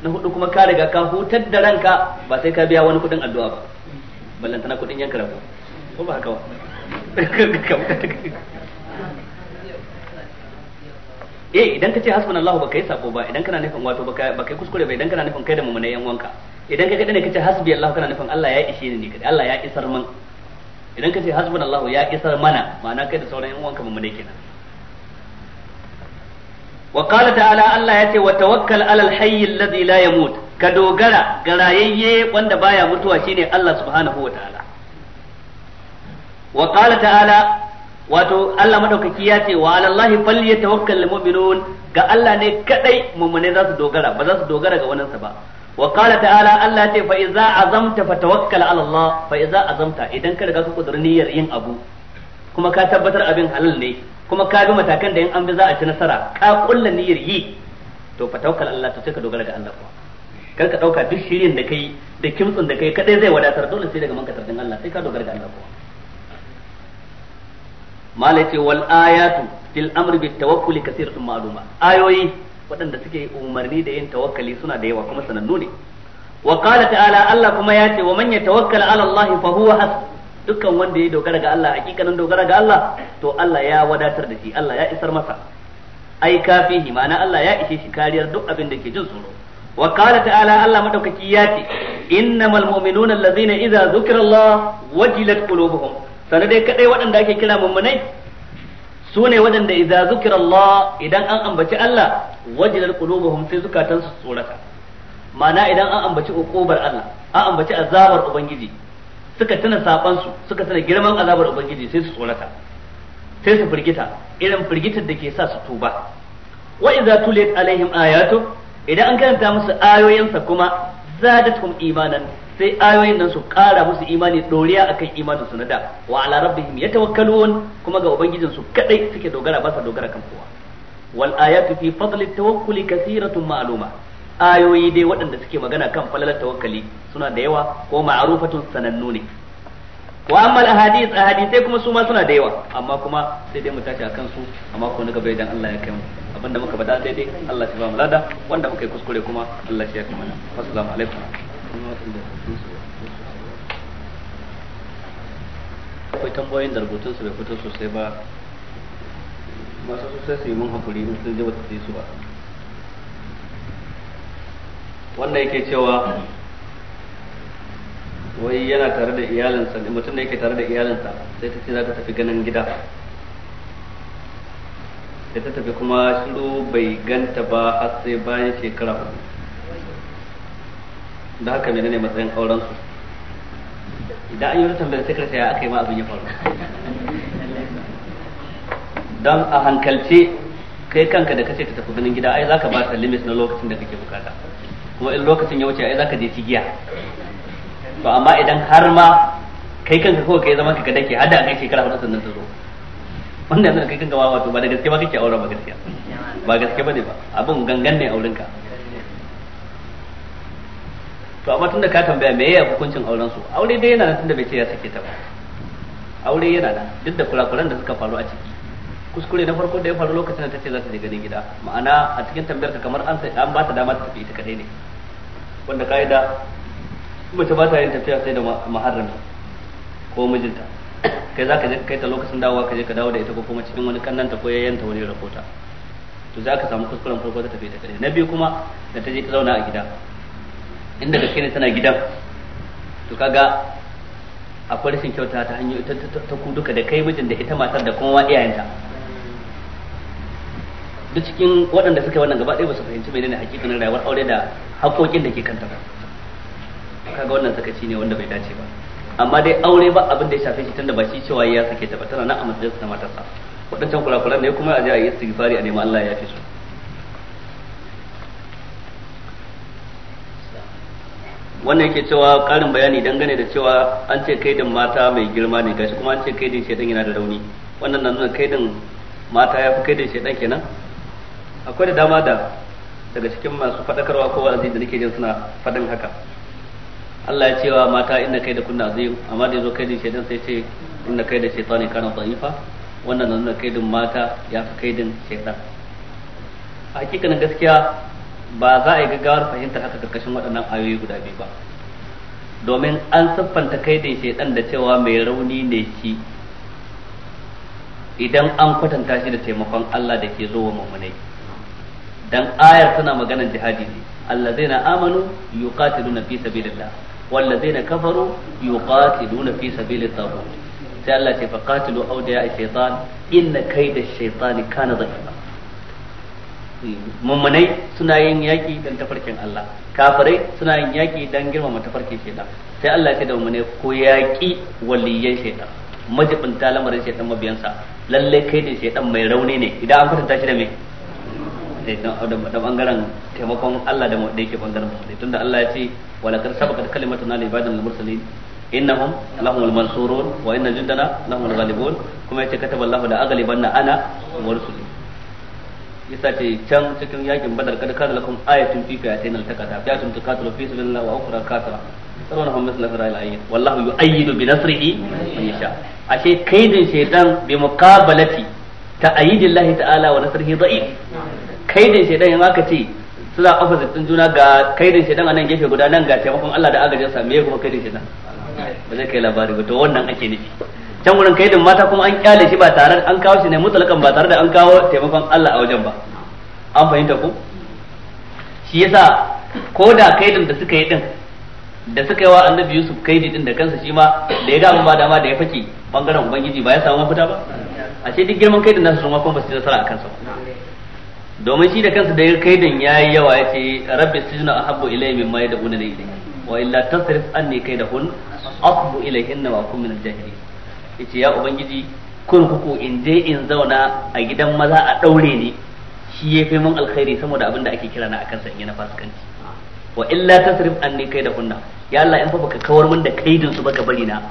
[SPEAKER 1] na hudu kuma ka riga ka hutar da ranka ba sai ka biya wani kudin addu'a ba ballantana kudin yanka rago ko ba haka ba eh idan ka ce hasbunallahu ba kai sako ba idan kana nufin wato ba kai kuskure ba idan kana nufin kai da mummunai yan wanka idan ka kada ne kace hasbi Allah kana nufin Allah ya ishe ni kai Allah ya isar man idan ka ce hasbunallahu ya isar mana ma'ana kai da sauran yan wanka mummunai kenan wa qala ta'ala Allah yace wa tawakkal alal hayy alladhi la yamut ka dogara ga rayayye wanda baya mutuwa shine Allah subhanahu wa ta'ala wa qala ta'ala wato Allah madaukaki ya ce fal alallahi falyatawakkal almu'minun ga Allah ne kadai mu'mine za su dogara ba za su dogara ga sa ba wa qala ta'ala Allah ce fa idza azamta fa ala Allah fa idza azamta idan ka riga ka yin abu kuma ka tabbatar abin halal ne kuma ka bi matakan da in an bi za a ci nasara ka kulla niyyar yi to fa tawakkal Allah to sai ka dogara ga Allah kuma kar ka dauka duk shirin da kai da kimtsin da kai kadai zai wadatar dole sai daga manka tardin Allah sai ka dogara ga Allah kuma mala wal ayatu fil amri bit tawakkuli kathiratun ma'luma ayoyi waɗanda suke umarni da yin tawakkali suna da yawa kuma sanannu ne wa qala ta'ala Allah kuma ya ce wa man yatawakkal ala Allah fa huwa hasbuh dukkan wanda ya dogara ga Allah hakikanin dogara ga Allah to Allah ya wadatar da shi Allah ya isar masa ai kafihi ma'ana Allah ya ishe shi kariyar duk abin da ke jin tsoro wa qala ta'ala Allah madaukaki ya ce innamal mu'minuna allazina idza zukirallah wajilat qulubuhum sanar dai kadai waɗanda ake kira mummunai su ne waɗanda idza zukirallah idan an ambaci Allah wajilat qulubuhum sai zukatansu tsorata ma'ana idan an ambaci ukubar Allah an ambaci azabar ubangiji suka tana su suka tana girman azabar ubangiji sai su tsorata sai su firgita irin firgitar da ke sa su tuba wa idza tuliyat alaihim ayatu idan an karanta musu ayoyinsa kuma zadatkum imanan sai ayoyin nan su kara musu imani doriya akan imanin su na da wa ala rabbihim yatawakkalun kuma ga ubangijin su kadai suke dogara ba sa dogara kan kowa wal ayatu fi fadli tawakkuli kathiratun ma'luma ayoyi dai waɗanda suke magana kan falalar tawakkali suna da yawa ko ma'rufatun sanannu ne wa amma al-ahadith ahadithai kuma su ma suna da yawa amma kuma sai dai mu tashi akan su amma ko gaba idan Allah ya kai mu abinda muka bada dai-dai Allah ya ba mu lada wanda muka yi kuskure kuma Allah ya kai mana assalamu alaikum akwai tambayoyin da rubutun su bai fito sosai ba masu sosai su yi mun hakuri in sun ji wata su ba wannan yake cewa wai yana tare da iyalinsa ne mutum da yake tare da iyalinsa sai ta ce za ta tafi ganin gida da ta tafi kuma shiru bai ganta ba har sai bayan shekara uku da haka mene ne matsayin auren su idan an yi wata tambayar sai karsa ya aka yi ma abin ya faru don a hankalce kai kanka da kace ta tafi ganin gida ai ka ba ta limit na lokacin da kake bukata kuma in lokacin ya wuce ai ka je cigiya to amma idan har ma kai kanka kawai kai zaman ka dake hada kai shekara hudu sannan ta zo wannan yana kai kanka wato ba da gaske ba kake aure ba gaskiya ba gaske bane ba abin gangan ne aurenka to amma tunda ka tambaya me yaya hukuncin auren su aure dai yana nan tunda bai ce ya sake ta ba aure yana nan duk da kurakuran da suka faru a ciki kuskure na farko da ya faru lokacin da ta ce za ta je ganin gida ma'ana a cikin tambayar ka kamar an an ba ta dama ta tafi ita kadai ne wanda ka'ida mace ba ta yin tafiya sai da maharrami ko mijinta kai za ka je kai ta lokacin dawowa ka je ka dawo da ita ko kuma cikin wani kannanta ko yayyanta wani rahota to za ka samu kuskuren farko ta tafi ta kare na biyu kuma da ta je ta zauna a gida inda gaske ne tana gidan to kaga akwai rashin kyauta ta hanyoyi ta ku duka da kai mijin da ita matar da kuma iyayenta duk cikin waɗanda suka wannan gaba ɗaya ba su fahimci menene hakikanin rayuwar aure da haƙoƙin da ke kanta ba kaga wannan sakaci ne wanda bai dace ba amma dai aure ba abin da ya shafe shi tunda ba shi cewa ya sake ta ba tana nan a matsayin sa sa wadancan kurakuran ne kuma a je a yi istighfari a nemi Allah ya yafe su wannan yake cewa karin bayani dangane da cewa an ce kaidin mata mai girma ne gashi kuma an ce kaidin shedan yana da rauni wannan na nuna kaidin mata ya fi kaidin shedan kenan akwai da dama da daga cikin masu faɗakarwa ko wa'azi da nake jin suna faɗin haka Allah ya cewa mata inna kai da kunna azim amma da yazo kai din shaidan sai ce inna kai da shaitani kana da'ifa wannan nan kai din mata ya fi kai din shaidan hakikanin gaskiya ba za a yi gaggawar fahimtar haka karkashin waɗannan ayoyi guda biyu ba domin an siffanta kai din shaidan da cewa mai rauni ne shi idan an kwatanta shi da taimakon Allah da ke zo wa mummunai dan ayar tana maganar jihadi ne allazina amanu yuqatiluna fi sabilillah والذين كفروا يقاتلون في سبيل الطاغوت sai Allah ce fa qatilu awdiya shaytan inna kayda shaytani kana dha'ifa mummunai suna yin yaki dan tafarkin Allah kafirai suna yin yaki dan girmama tafarkin shaytan sai Allah ce da mummunai ko yaki waliyan shaytan majibinta lamarin shaytan mabiyansa lalle kai da shaytan mai rauni ne idan an kwatanta shi da me da bangaren taimakon Allah da mu yake bangaren tunda Allah ya ce ولقد سبقت كلمتنا لعبادنا المرسلين إنهم لهم المنصورون وإن جندنا لهم الغالبون كما يتكتب الله لأغلبن أنا ورسلي yasa ce can cikin yakin badar kada kana lakum ayatun fi fi'atayn altaqata fi'atun tuqatilu fi sabilillah wa ukhra kafira sarwana hum misla sirayil ayyin wallahu yu'ayyidu bi nasrihi man yasha ashe kaidin shaytan bi muqabalati ta'ayidillahi ta'ala wa nasrihi da'if kaidin shaytan yana ka ce suna opposite din juna ga kaidin shedan anan gefe guda nan ga taimakon Allah da agajin sa me kuma kaidin shedan ba zai kai labari ba to wannan ake nufi can wurin kaidin mata kuma an kyale shi ba tare an kawo shi ne mutlakan ba tare da an kawo taimakon Allah a wajen ba an fahimta ku? shi yasa ko da kaidin da suka yi din da suka yi wa annabi Yusuf kaidi din da kansa shi ma da ya gama ba dama da ya fake bangaren ubangiji ba ya samu mafita ba ashe duk girman kaidin nasu su ma kuma ba su nasara a kansa ba domin shi da kansa da ya kai ya yi yawa ce rabbi sijnu ahabbu ilayya da yad'una daidai. wa illa tasrif anni kaydahun ilai ilayhinna wa akun min al Ya ce ya ubangiji kurkuku in je in zauna a gidan maza a daure ne shi ya fi mun alkhairi saboda abin da ake kira na akan sanye na fasikanci wa illa an ne kai da kunna ya Allah in fa baka kawar mun da kaidin su baka bari na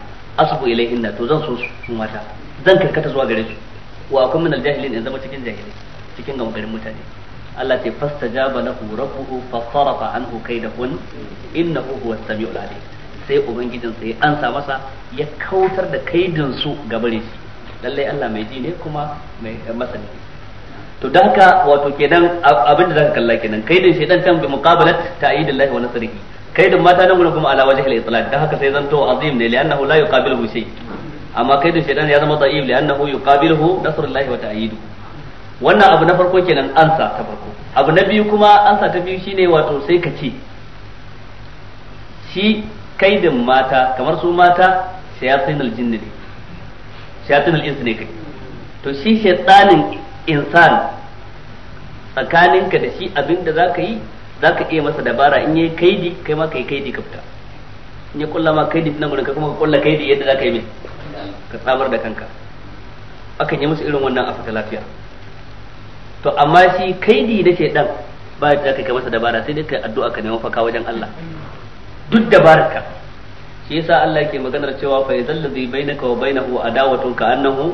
[SPEAKER 1] ilai inna to zan so su mata zan karkata zuwa gare su wa kun min aljahilin in zama cikin jahili cikin gangarin mutane Allah ta fastajaba lahu rabbuhu fasarafa anhu kaidahun innahu huwas sami ulade sai ubangijin sai an sa masa ya kautar da kaidin su gabare shi lallai Allah mai ji ne kuma mai masani to da haka wato kenan abin da zaka kalla kenan kaidin shaydan kan bi muqabalat ta'idillahi wa nasrihi kaidin mata nan gurin kuma ala wajhi al-islam da haka sai zanto azim ne li'annahu la yuqabiluhu shay amma kaidin shaydan ya zama da'if li'annahu yuqabiluhu nasrullahi wa ta'iduhu wannan abu na farko kenan ansa ta farko abu na biyu kuma ansa ta biyu shine wato sai ka ce shi kaidin mata kamar su mata shayatinul jinni ne shayatinul insi ne kai to shi shaytanin insan tsakaninka da shi abinda zaka yi zaka iya masa dabara in yayi kaidi kai ma kai kaidi ka fita in ya kulla ma kaidi nan gurin ka kuma ka kulla kaidi yadda zaka yi mai ka tsamar da kanka akan yi musu irin wannan a fita lafiya to amma shi kaidi na dan ba da kai masa dabara sai dai kai addu'a ka neman faka wajen Allah duk dabarka shi yasa Allah yake maganar cewa fa yadhal ladhi bainaka wa bainahu adawatu ka annahu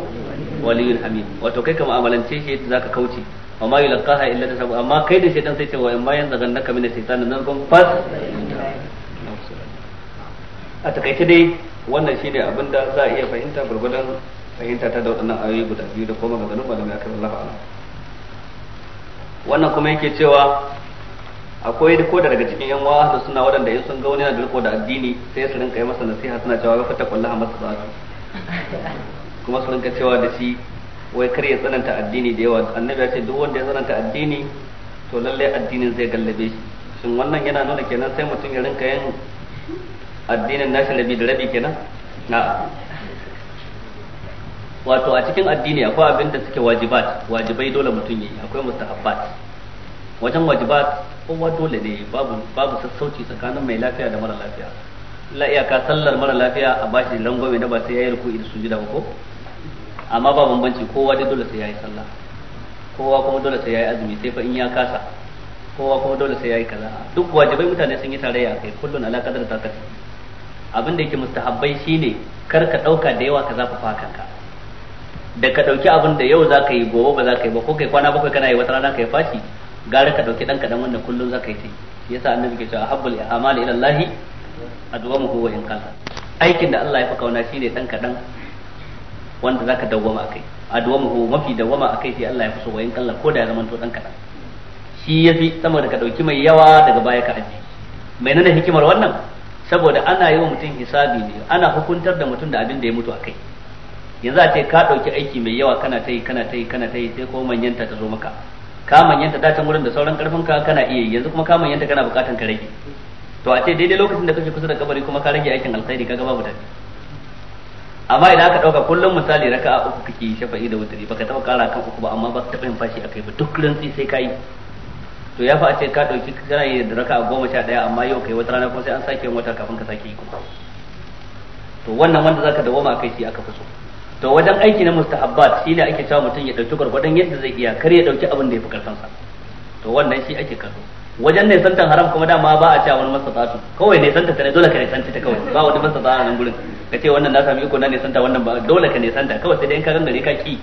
[SPEAKER 1] waliyyun hamid wato kai ka mu'amalance shi yadda zaka kauce amma ma yulqaha illa sabu amma kai da shaytan sai cewa in zagan yanzu gannaka min shaytan nan kun fas a takaice dai wannan shi ne abinda za a iya fahimta gurgudan fahimta ta da waɗannan ayoyi guda biyu da kuma maganganun malamai akan Allah wannan kuma yake cewa akwai ko da daga cikin yan wa'a da suna waɗanda in sun ga wani yana da riko da addini sai su rinka yi masa nasiha suna cewa ga fata kullaha masa tsatu kuma su rinka cewa da shi wai kar ya tsananta addini da yawa annabi ya ce duk wanda ya tsananta addini to lalle addinin zai gallabe shi shin wannan yana nuna kenan sai mutum ya rinka yin addinin nashi rabi da rabi kenan na'am wato a cikin addini akwai abin da suke wajibat wajibai dole mutum yi akwai mustahabbat wajen wajibat kowa dole ne babu babu sassauci tsakanin mai lafiya da mara lafiya la iyaka sallar mara lafiya a bashi rangwame na ba sai yayi ruku'i da sujuda ba ko amma ba bambanci kowa dai dole sai yayi sallah kowa kuma dole sai yayi azumi sai fa in ya kasa kowa kuma dole sai yayi kaza duk wajibai mutane sun yi tarayya kai kullun ala qadar ta abin da yake mustahabbai shine kar ka dauka da yawa ka zafafa kanka da ka dauki abin da yau zaka yi gobe ba zaka yi ba ko kai kwana bakwai kana yi wata rana kai fashi gara ka dauki dan kadan wanda kullun zaka yi ta yasa annabi ke cewa habbul a'mal ila Allah adwamu huwa in qalla aikin da Allah ya fi kauna shine dan kadan wanda zaka dawwama akai huwa mafi dawwama akai sai Allah ya fi so wa in qalla ko da ya zama to dan kadan shi yafi sama da ka dauki mai yawa daga baya ka aji menene hikimar wannan saboda ana yi wa mutum hisabi ne ana hukuntar da mutum da abin da ya mutu akai yanzu a ce ka ɗauki aiki mai yawa kana ta yi kana ta yi kana ta yi sai kuma manyanta ta zo maka ka manyanta da can wurin da sauran karfin ka kana iya yi yanzu kuma ka manyanta kana bukatan ka rage to a ce daidai lokacin da kake kusa da kabari kuma ka rage aikin alkhairi kaga babu dadi amma idan aka dauka kullum misali raka'a uku kake yi shafa'i da ba baka taba kara kan uku ba amma ba ka taba yin fashi akai ba duk rantsi sai kai to ya fa a ce ka dauki kana yi da raka'a goma sha daya amma yau kai wata rana kuma sai an sake yin wata kafin ka sake yi kuma to wannan wanda zaka dawoma kai shi aka fi so to wajen aiki na mustahabbat shine ake cewa mutum ya dauki gwargwadon yadda zai iya kar ya dauki abin da ya fi sa to wannan shi ake kallo wajen ne santan haram kuma dama ba a cewa wani masa kawai ne santa ta ne dole ka ne santa ta kawai ba wani masa a nan gurin ka ce wannan na sami iko na ne santa wannan ba dole ka ne santa kawai sai dai in ka ne ka ki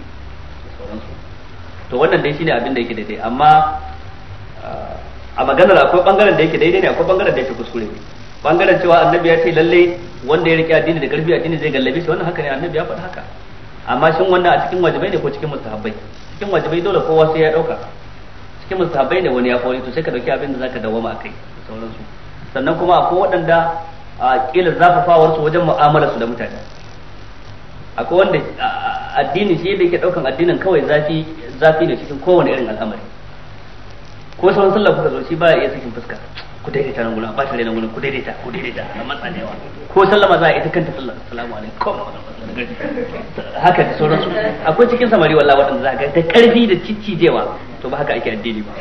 [SPEAKER 1] to wannan dai shine abin da yake daidai amma a maganar akwai bangaren da yake daidai ne akwai bangaren da yake kuskure bangaren cewa annabi ya ce lalle wanda ya rike addini da karfi addini zai gallabe shi wannan haka ne annabi ya faɗa haka amma shin wannan a cikin wajibai ne ko cikin mustahabbai cikin wajibai dole kowa sai ya dauka cikin mustahabbai ne wani ya kawai to sai ka dauki abin da zaka dawoma akai da sauransu sannan kuma akwai waɗanda a kila zafafawar su wajen mu'amalar su da mutane akwai wanda addini shi da yake daukan addinin kawai zafi zafi ne cikin kowane irin al'amari ko sauran sallah kuka zo shi ba ya iya cikin fuska ku daidaita nan gurin ba shi nan gurin ku daidaita ku daidaita na matsa ne ko sallama za a ita kanta sallar assalamu alaikum
[SPEAKER 2] haka da sauransu
[SPEAKER 1] akwai cikin samari wallahi waɗanda za ga da ƙarfi da ciccijewa to ba haka ake addini ba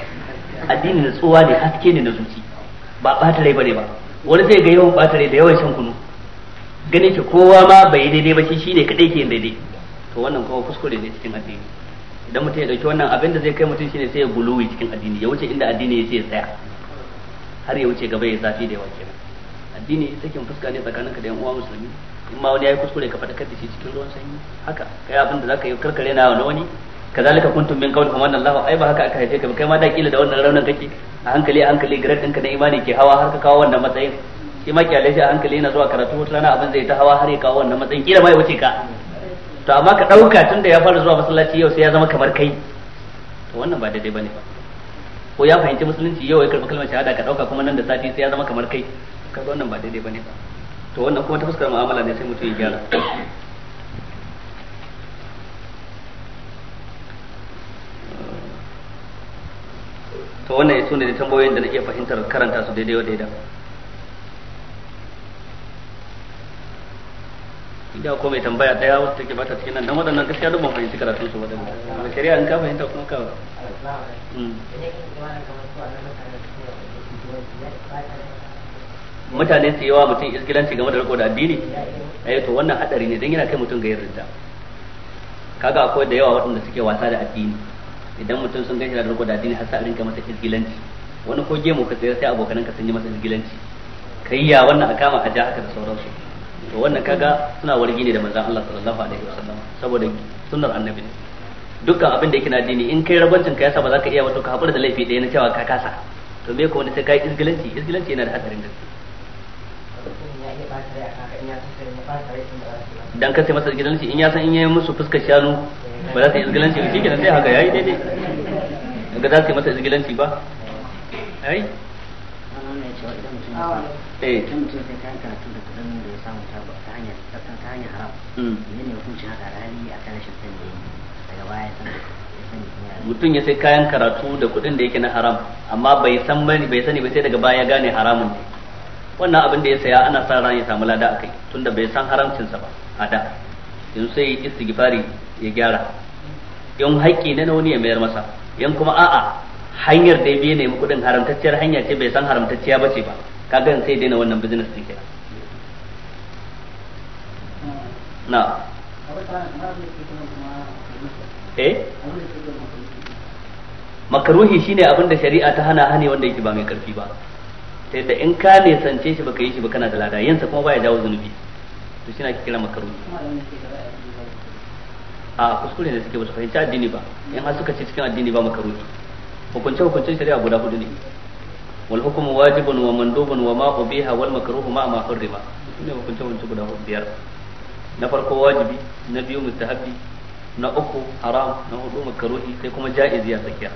[SPEAKER 1] addini na tsuwa ne haske ne na zuci ba ɓata rai bane ba wani zai ga yawan ɓata rai da yawan shan kunu ganin ki kowa ma bai daidai ba shi shine kadai ke daidai to wannan kuma kuskure ne cikin addini idan mutum ya dauki wannan abin da zai kai mutum shine sai ya guluwi cikin addini ya wuce inda addini ya ce ya tsaya har ya wuce gaba ya zafi da yawa kenan addini sakin fuska ne ka da yan uwa musulmi in ma wani ya yi kuskure ka faɗakar da shi cikin ruwan sanyi haka kai abin da zaka yi karkare na wani wani kazalika kuntum min qabl famanna Allahu ai ba haka aka haife ka kai ma da kila da wannan raunin kake a hankali a hankali grade ɗinka na imani ke hawa har ka kawo wannan matsayin shi ma kyale shi a hankali yana zuwa karatu wata rana abin zai ta hawa har ya kawo wannan matsayin kila ma ya wuce ka to amma ka ɗauka tun da ya fara zuwa masallaci yau sai ya zama kamar kai to wannan ba daidai bane ba ko ya fahimci musulunci yau ya karɓi kalmar shahada ka ɗauka kuma nan da sati sai ya zama kamar kai kaga wannan ba daidai bane ba to wannan kuma ta fuskar mu'amala ne sai mutum ya gyara to wannan su ne tambayoyin da na iya fahimtar karanta su daidai wa daidai gaskiya ko mai tambaya daya wacce take bata cikin nan dan waɗannan gaskiya duk ban fahimci karatu su ba waɗannan amma shari'a in ka fahimta kuma ka hmm. mutane su yawa mutum isgilanci game da riko da addini eh to wannan hadari ne dan yana kai mutum ga yin yarda kaga akwai da yawa waɗanda suke wasa da addini idan mutum sun gaishe da riko da addini har sa rinka masa isgilanci wani ko gemu ka tsaya sai abokanan ka sun yi masa isgilanci kai ya wannan akama a ja haka da sauransu to wannan kaga suna wargi ne da manzon Allah sallallahu alaihi wasallam saboda sunnar annabi ne dukkan abin da yake na dini in kai rabancin ka yasa ba za ka iya wato ka haƙura da laifi ɗaya na cewa ka kasa to me ko wani sai kai izgilanci izgilanci yana da hadarin gaske dan ka sai masa izgilanci in ya san in yayi musu fuskar shanu ba za su yi izgilanci ba shikenan sai haka yayi daidai
[SPEAKER 2] in ga za su yi masa izgilanci ba ai eh tun sai kan karatu da da ya samu ta hanyar ta hanyar haram mm. a kan daga baya
[SPEAKER 1] mutum ya sai kayan karatu da kuɗin da yake na haram amma bai san bane bai sani ba sai daga baya gane haramun ne wannan abin da ya saya ana sa ran ya samu lada akai tunda bai san haramcin sa ba a da yanzu sai istighfari ya gyara yan haƙƙi ne na wani ya mayar masa yan kuma a'a hanyar da ya biye ne kuɗin haramtacciyar hanya ce bai san haramtacciya ba ce ba kaga sai daina wannan business din kenan na eh makaruhi shine abin da shari'a ta hana hane wanda yake ba mai karfi ba ta yadda in ka ne sance shi baka yi shi ba kana da lada yansa kuma baya jawo zunubi to shi na kira makaruhi a kuskure ne suke ba su fahimci addini ba in har suka ce cikin addini ba makaruhi hukunce hukuncen shari'a guda hudu ne wal hukumu wajibun wa mandubun wa ma ubiha wal makruhu ma ma hurrima ne hukunce hukunce guda biyar na farko wajibi na biyu mustahabbi na uku haram na hudu makaruhi sai kuma ja'iz ya tsakiya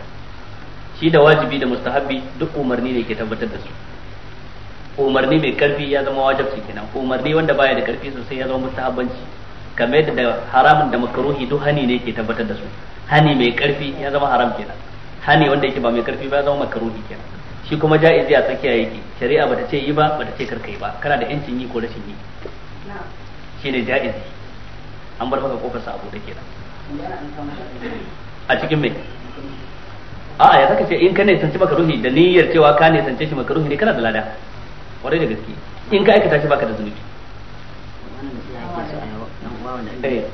[SPEAKER 1] shi da wajibi da mustahabbi duk umarni ne ke tabbatar da su umarni mai karfi ya zama wajibi kenan umarni wanda baya da karfi sosai ya zama mustahabbanci kamar yadda da haramun da makaruhi duk hani ne ke tabbatar da su hani mai karfi ya zama haram kenan hani wanda yake ba mai karfi ba ya zama makaruhi kenan shi kuma ja'iz ya tsakiya yake shari'a bata ce yi ba bata ce karkai ba kana da yancin yi ko rashin yi shine jaizi an bar maka kofar sa abu da kenan a cikin mai a'a ya zaka ce in ka ne sanci maka ruhi da niyyar cewa ka ne sance shi maka ruhi ne kana da lada kwarai da gaske in ka aikata shi baka da zunubi eh.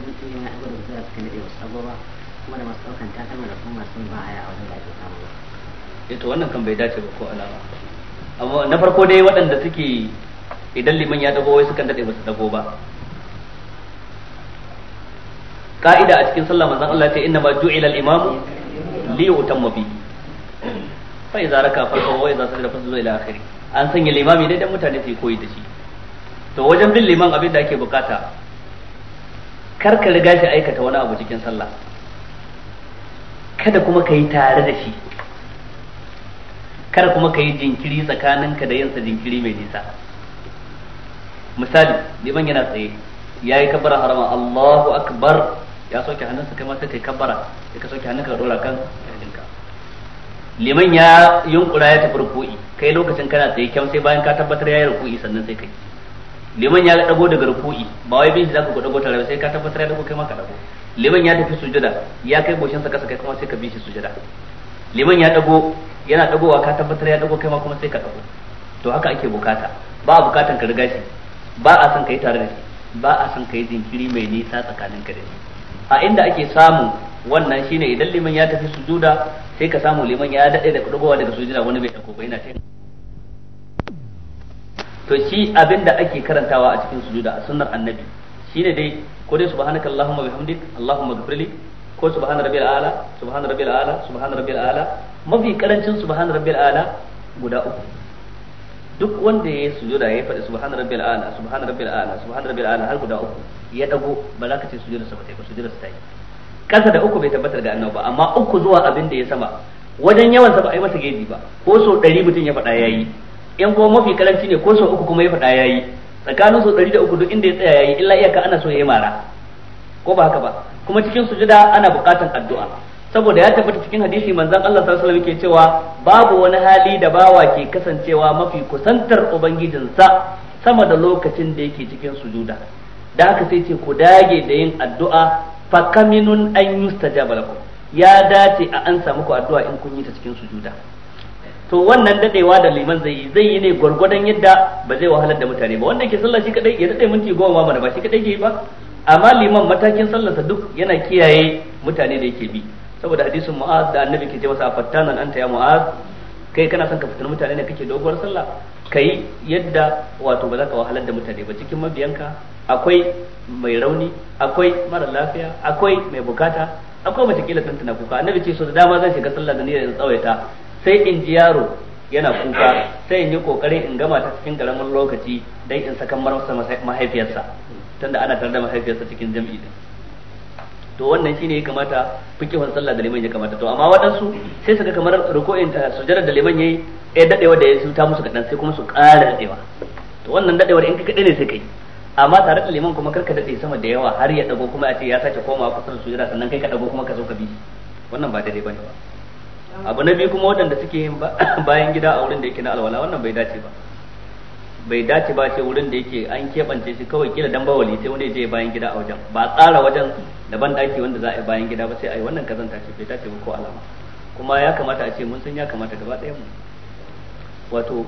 [SPEAKER 1] eh to wannan kan bai dace ba ko alama amma na farko dai waɗanda suke idan liman ya dago wai sukan dade ba su dago ba ka'ida a cikin sallah manzon Allah ce inna ma ju'ila al-imam li yutamma bi fa idza raka fa wa idza sajada fa ila akhiri an sanya limami dai dan mutane su koyi da shi to wajen bin liman abin da ake bukata kar ka riga shi aikata wani abu cikin sallah kada kuma ka yi tare da shi kada kuma ka yi jinkiri tsakaninka da yinsa jinkiri mai nisa misali liman yana tsaye ya yi kabar harama Allahu akbar ya soke hannunsa kai ma sai kai kabbara sai ka soke hannunka ka dora kan kirjinka liman ya yunkura ya tafi ruku'i kai lokacin kana tsaye kyam sai bayan ka tabbatar ya yi ruku'i sannan sai kai liman ya dago daga ruku'i ba wai bin za ka ku dago tare sai ka tabbatar ya dago kai ma ka dago liman ya tafi sujada ya kai goshin sa kasa kai kuma sai ka bi shi sujada liman ya dago yana dagowa ka tabbatar ya dago kai ma kuma sai ka dago to haka ake bukata ba a bukatan ka riga shi ba a son ka yi tare da shi ba a son ka yi jinkiri mai nisa tsakanin ka da shi a inda ake samu wannan shine idan liman ya tafi sujuda sai ka samu liman ya dade da kudugowa daga sujuda wani bai dauko ba yana kai to shi abinda ake karantawa a cikin sujuda a sunnar annabi shine dai ko dai subhanaka allahumma bihamdik allahumma ghfirli ko subhana rabbil ala subhana rabbil ala subhana rabbil ala mafi karancin subhana rabbil ala guda uku duk wanda ya yi sujuda ya faɗi subhana rabbil a'la subhana rabbil a'la subhana rabbil a'la har guda uku ya dago ba za ka ce sujuda sama ta yi ba sujuda ta yi kasa da uku bai tabbatar ga annabi ba amma uku zuwa abin da ya sama wajen yawan sa ba a yi masa geji ba ko so ɗari mutum ya faɗa yayi in kuma mafi karanci ne ko so uku kuma ya faɗa yayi tsakanin so ɗari da uku duk inda ya tsaya yayi illa iyaka ana so ya yi mara ko ba haka ba kuma cikin sujuda ana buƙatan addu'a saboda ya tabbata cikin hadisi manzon Allah sallallahu alaihi wasallam ke cewa babu wani hali da bawa ke kasancewa mafi kusantar ubangijinsa sama da lokacin da yake cikin sujuda da haka sai ce ku dage da yin addu'a fa kaminun an yustajaba lakum ya dace a an samu ku addu'a in kun yi ta cikin sujuda to wannan dadewa da liman zai yi zai yi ne gwargwadon yadda ba zai wahalar da mutane ba wanda ke sallah shi kadai ya dade minti goma mana ba shi kadai ke yi ba amma liman matakin sallarsa duk yana kiyaye mutane da yake bi saboda hadisin mu'az da annabi ke ce masa fattanan anta ya mu'az kai kana son ka fitar mutane ne kake doguwar sallah kai yadda wato ba za ka wahalar da mutane ba cikin mabiyanka akwai mai rauni akwai mara lafiya akwai mai bukata akwai mace kila tantana kuka annabi ce so da dama zan shiga sallah da niyyar in tsawaita sai in ji yaro yana kuka sai in yi kokarin in gama ta cikin garamin lokaci dan in saka marasa mahaifiyarsa tunda ana tare da mahaifiyarsa cikin jam'i din to wannan shine ya kamata fikihun sallah da liman ya kamata to amma waɗansu sai su ga kamar ruku'in eh, sujjadar da liman yayi eh dadewa da yayi ta musu kadan sai kuma su ƙara dadewa to wannan dadewar in ka kade ne sai kai amma tare da liman kuma karka dade sama da yawa har ya dago kuma a ce ya sake komawa kusa da sujjada sannan kai ka dago kuma ka zo ka bi wannan ba daidai bane ba abu na biyu kuma waɗanda suke yin bayan gida a wurin da yake na alwala wannan bai dace ba bai dace ba sai wurin da yake an keɓance shi kawai kila dan bawali sai wani ya je bayan gida a wajen ba tsara wajen da ban daki wanda za a yi bayan gida ba sai a yi wannan kazanta ce bai dace ko alama kuma ya kamata a ce mun san ya kamata gaba ɗayan mu wato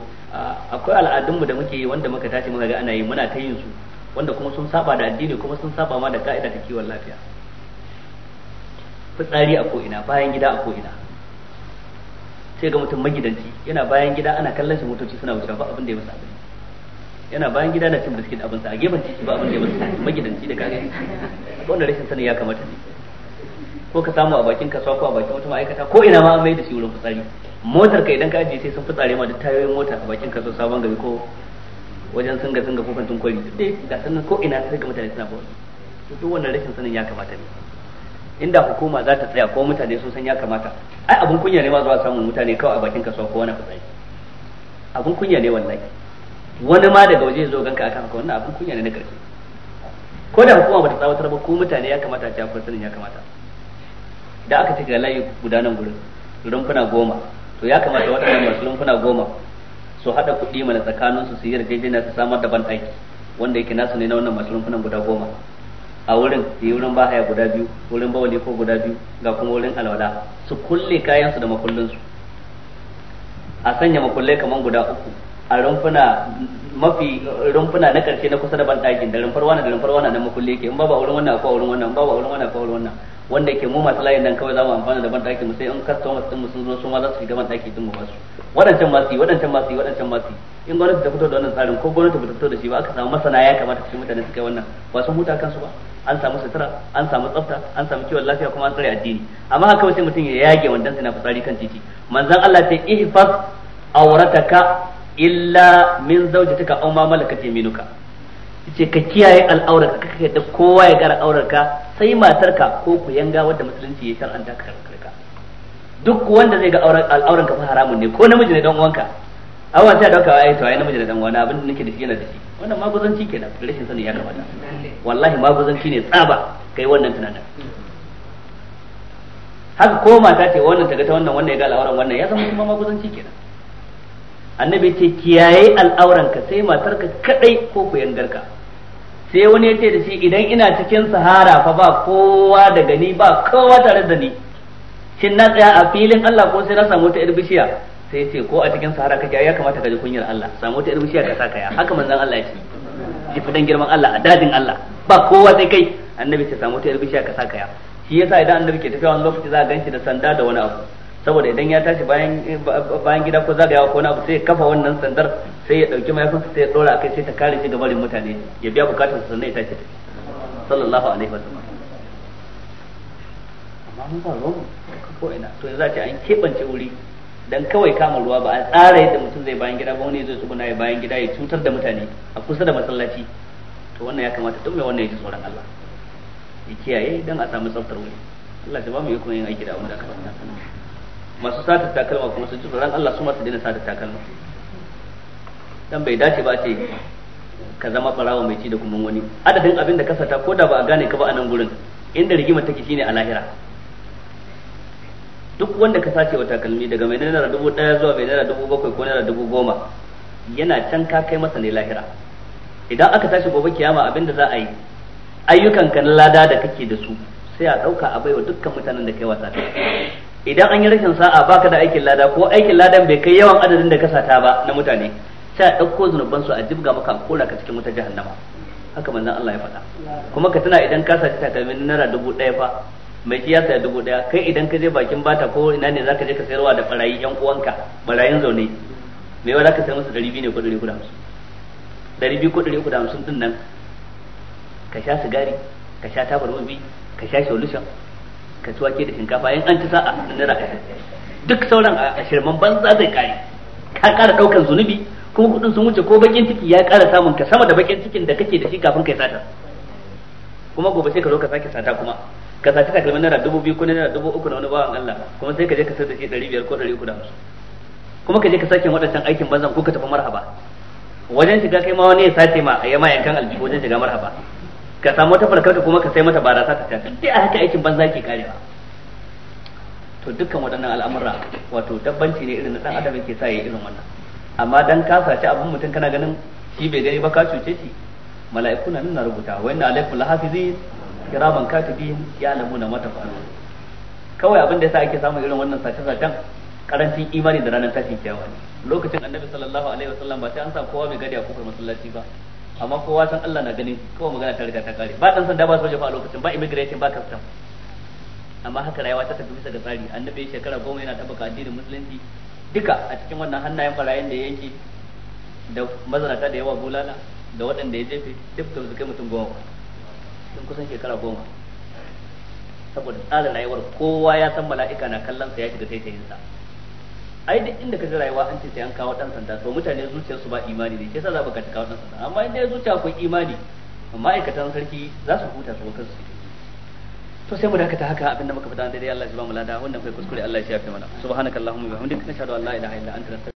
[SPEAKER 1] akwai al'adunmu da muke yi wanda muka tashi muka ga ana yi muna ta yin su wanda kuma sun saba da addini kuma sun saba ma da ka'ida ta kiwon lafiya fitsari a ko'ina bayan gida a ko'ina sai ga mutum magidanci yana bayan gida ana kallon shi motoci suna wuce ba abin da ya musa abin yana bayan gida na cin biskit sa a gefen titi ba abin da ya musa magidanci da kage wannan rashin sani ya kamata ne ko ka samu a bakin kasuwa ko a bakin wata ma'aikata ko ina ma mai da shi wurin fitsari motar ka idan ka ajiye sai sun fitsare ma duk tayoyin mota a bakin kasuwa sabon gari ko wajen singa singa ko kantin kwari duk ga sannan ko ina sai ga mutane suna bawa duk wannan rashin sanin ya kamata ne inda hukuma za ta tsaya ko mutane sun san ya kamata ai abun kunya ne ma zuwa samun mutane kawai a bakin kasuwa ko wani fitsari abun kunya ne wallahi wani ma daga waje zo ganka akan ka wannan abun kunya ne na karshe ko da hukuma bata tsawatar ba ko mutane ya kamata a jafar sanin ya kamata da aka cika layi gudanar gurin rumfuna goma to ya kamata waɗannan masu rumfuna goma su haɗa kuɗi mana tsakanin su su yi yarjejeniya su samar da banɗaki wanda yake nasu ne na wannan masu rumfunan guda goma a wurin yi wurin ba haya guda biyu wurin bawali ko guda biyu ga kuma wurin alwala su kulle kayan su da makullin su a sanya makullai kamar guda uku a rumfuna mafi rumfuna na karshe na kusa da ban ɗakin da rumfar wani da rumfar wani nan makulle yake in ba ba wurin wannan akwai wurin wannan ba ba wurin wannan akwai wurin wannan wanda yake mu masu layin nan kawai za mu amfana da ban ɗakin mu sai in customers din mu sun zo su ma za su shiga ban ɗakin din mu ba su waɗancan ma su yi waɗancan ma su yi waɗancan ma su yi in gwamnati ta fito da wannan tsarin ko gwamnati ba ta fito da shi ba aka samu masana ya kamata su mutane su kai wannan ba sun huta kansu ba an samu sutura an samu tsafta an samu kiwon lafiya kuma an tsare addini amma haka kawai sai mutum ya yage wandan sai na fitsari kan titi manzon Allah sai ihfas awrataka illa min zawjatika aw ma malakat yaminuka yace ka kiyaye al'aurar ka kake da kowa ya gara aurar ka sai matarka ko ku yanga wadda musulunci ya shar'anta ka karka duk wanda zai ga al'auran ka fa haramun ne ko namiji ne dan uwanka a wata da kawai ai to ai namiji ne dan wani abin da nake da shi yana da shi wannan maguzanci kenan rashin sani ya kamata wallahi maguzanci ne tsaba kai wannan tunanin haka ko mata ce wannan ta ga ta wannan wannan ya ga al'auran wannan ya zama kuma maguzanci kenan annabi ce kiyaye al'auranka sai matarka kadai ko garka. sai wani ya ce da shi idan ina cikin sahara fa ba kowa daga ni ba kowa tare da ni shin na tsaya a filin Allah ko sai na samu ta bishiya sai ce ko a cikin sahara kake ya kamata ka ji kunyar Allah samu ta bishiya ka saka ya haka manzon Allah ya ce ji fadan girman Allah a dadin Allah ba kowa sai kai annabi ce samu ta bishiya ka saka ya shi yasa idan annabi ke tafiya wani lokaci za a ganshi da sanda da wani abu saboda idan ya tashi bayan gida ko zagayawa ko na abu sai ya kafa wannan sandar sai ya dauki mayafin sai ya dora akai sai ta kare shi gabarin mutane ya biya bukatar sa sannan ya tashi sallallahu alaihi wasallam amma mun ba ruwa ko ina to za ta an kebance wuri dan kawai kama ruwa ba a tsara yadda mutum zai bayan gida ba wani zai tsuguna ya bayan gida ya cutar da mutane a kusa da masallaci to wannan ya kamata duk mai wannan ya ji tsoron Allah ya kiyaye dan a samu tsaftar wuri Allah ya ba mu yi kuma yin aiki da abin da aka faɗa masu sata takalma kuma sun ci tsoron Allah su masu daina sata takalma dan bai dace ba ce ka zama barawa mai ci da kuma wani adadin abin da ka sata ko da ba a gane ka ba a nan gurin inda rigima take shine a lahira duk wanda ka sace wa takalmi daga mai naira dubu ɗaya zuwa mai naira dubu bakwai ko naira dubu goma yana can ka kai masa ne lahira idan aka tashi gobe kiyama abin da za a yi ayyukan ka na lada da kake da su sai a ɗauka a baiwa dukkan mutanen da kai wasa idan an yi rashin sa'a baka da aikin lada ko aikin ladan bai kai yawan adadin da ka sata ba na mutane sai a ɗauko zunuban su a jibga maka kora ka cikin wutar jahannama haka manzon Allah ya faɗa kuma ka tuna idan ka saci takalmin naira dubu ɗaya fa mai shi ya saya dubu ɗaya kai idan ka je bakin bata ko ina ne zaka je ka sayarwa da barayi yan uwanka barayin zaune me wa zaka sayar musu ɗari biyu ne ko ɗari uku da hamsin ɗari biyu ko ɗari uku da hamsin din nan ka sha sigari ka sha tabar ka sha solution ka ci wake da shinkafa yin an ci sa'a da naira duk sauran a shirman banza zai kare ka kara daukan zunubi kuma kudin sun wuce ko bakin ciki ya kara samun ka sama da bakin cikin da kake da shi kafin kai sata kuma gobe sai ka zo ka sake sata kuma ka sace saci kalmar naira dubu biyu ko naira dubu uku na wani bawan Allah kuma sai ka je ka sayar da shi ɗari biyar ko ɗari uku da hamsin kuma ka je ka sake waɗancan aikin banzan ko ka tafi marhaba wajen shiga kai ma wani ya sace ma a yama yankan aljihu wajen shiga marhaba ka samu wata farkar ka kuma ka sai mata barasa ta ta duk a haka aikin banza ke karewa to dukkan waɗannan al'amura wato dabbanci ne irin na ɗan adam ke sa yi irin wannan amma dan ka sace abin mutum kana ganin shi bai gani ba ka cuce shi mala'iku na nuna rubuta wa inna alaikum lahafizin kiraman katibin ya'lamuna ma tafalun kawai abin da yasa ake samun irin wannan sace sacen karancin imani da ranar tashin kiyawa ne lokacin annabi sallallahu alaihi wasallam ba sai an sa kowa mai gadi a kofar masallaci ba amma kowa san Allah na gani kowa magana ta riga ta kare ba dan sanda ba soja fa a lokacin ba immigration ba custom amma haka rayuwa ta tafi bisa ga tsari annabi shekara goma yana tabbaka addinin musulunci duka a cikin wannan hannayen farayen da yake da mazanata da yawa bulala da waɗanda ya jefe duk da kai mutum goma sun kusan shekara goma saboda tsarin rayuwar kowa ya san mala'ika na kallon sa ya shiga taitayinsa sa ai duk inda ka ji rayuwa an ce sai an kawo dan sanda to mutane zuciyarsu ba imani ne sai za ka kawo dan sanda amma inda zuciya akwai imani ma'aikatan sarki za su huta su kansu su to sai mu dakata haka abinda muka faɗa dai Allah ya ba mu lada wannan kai kuskure Allah ya shafe mana subhanakallahumma wa bihamdika nashhadu an la ilaha illa anta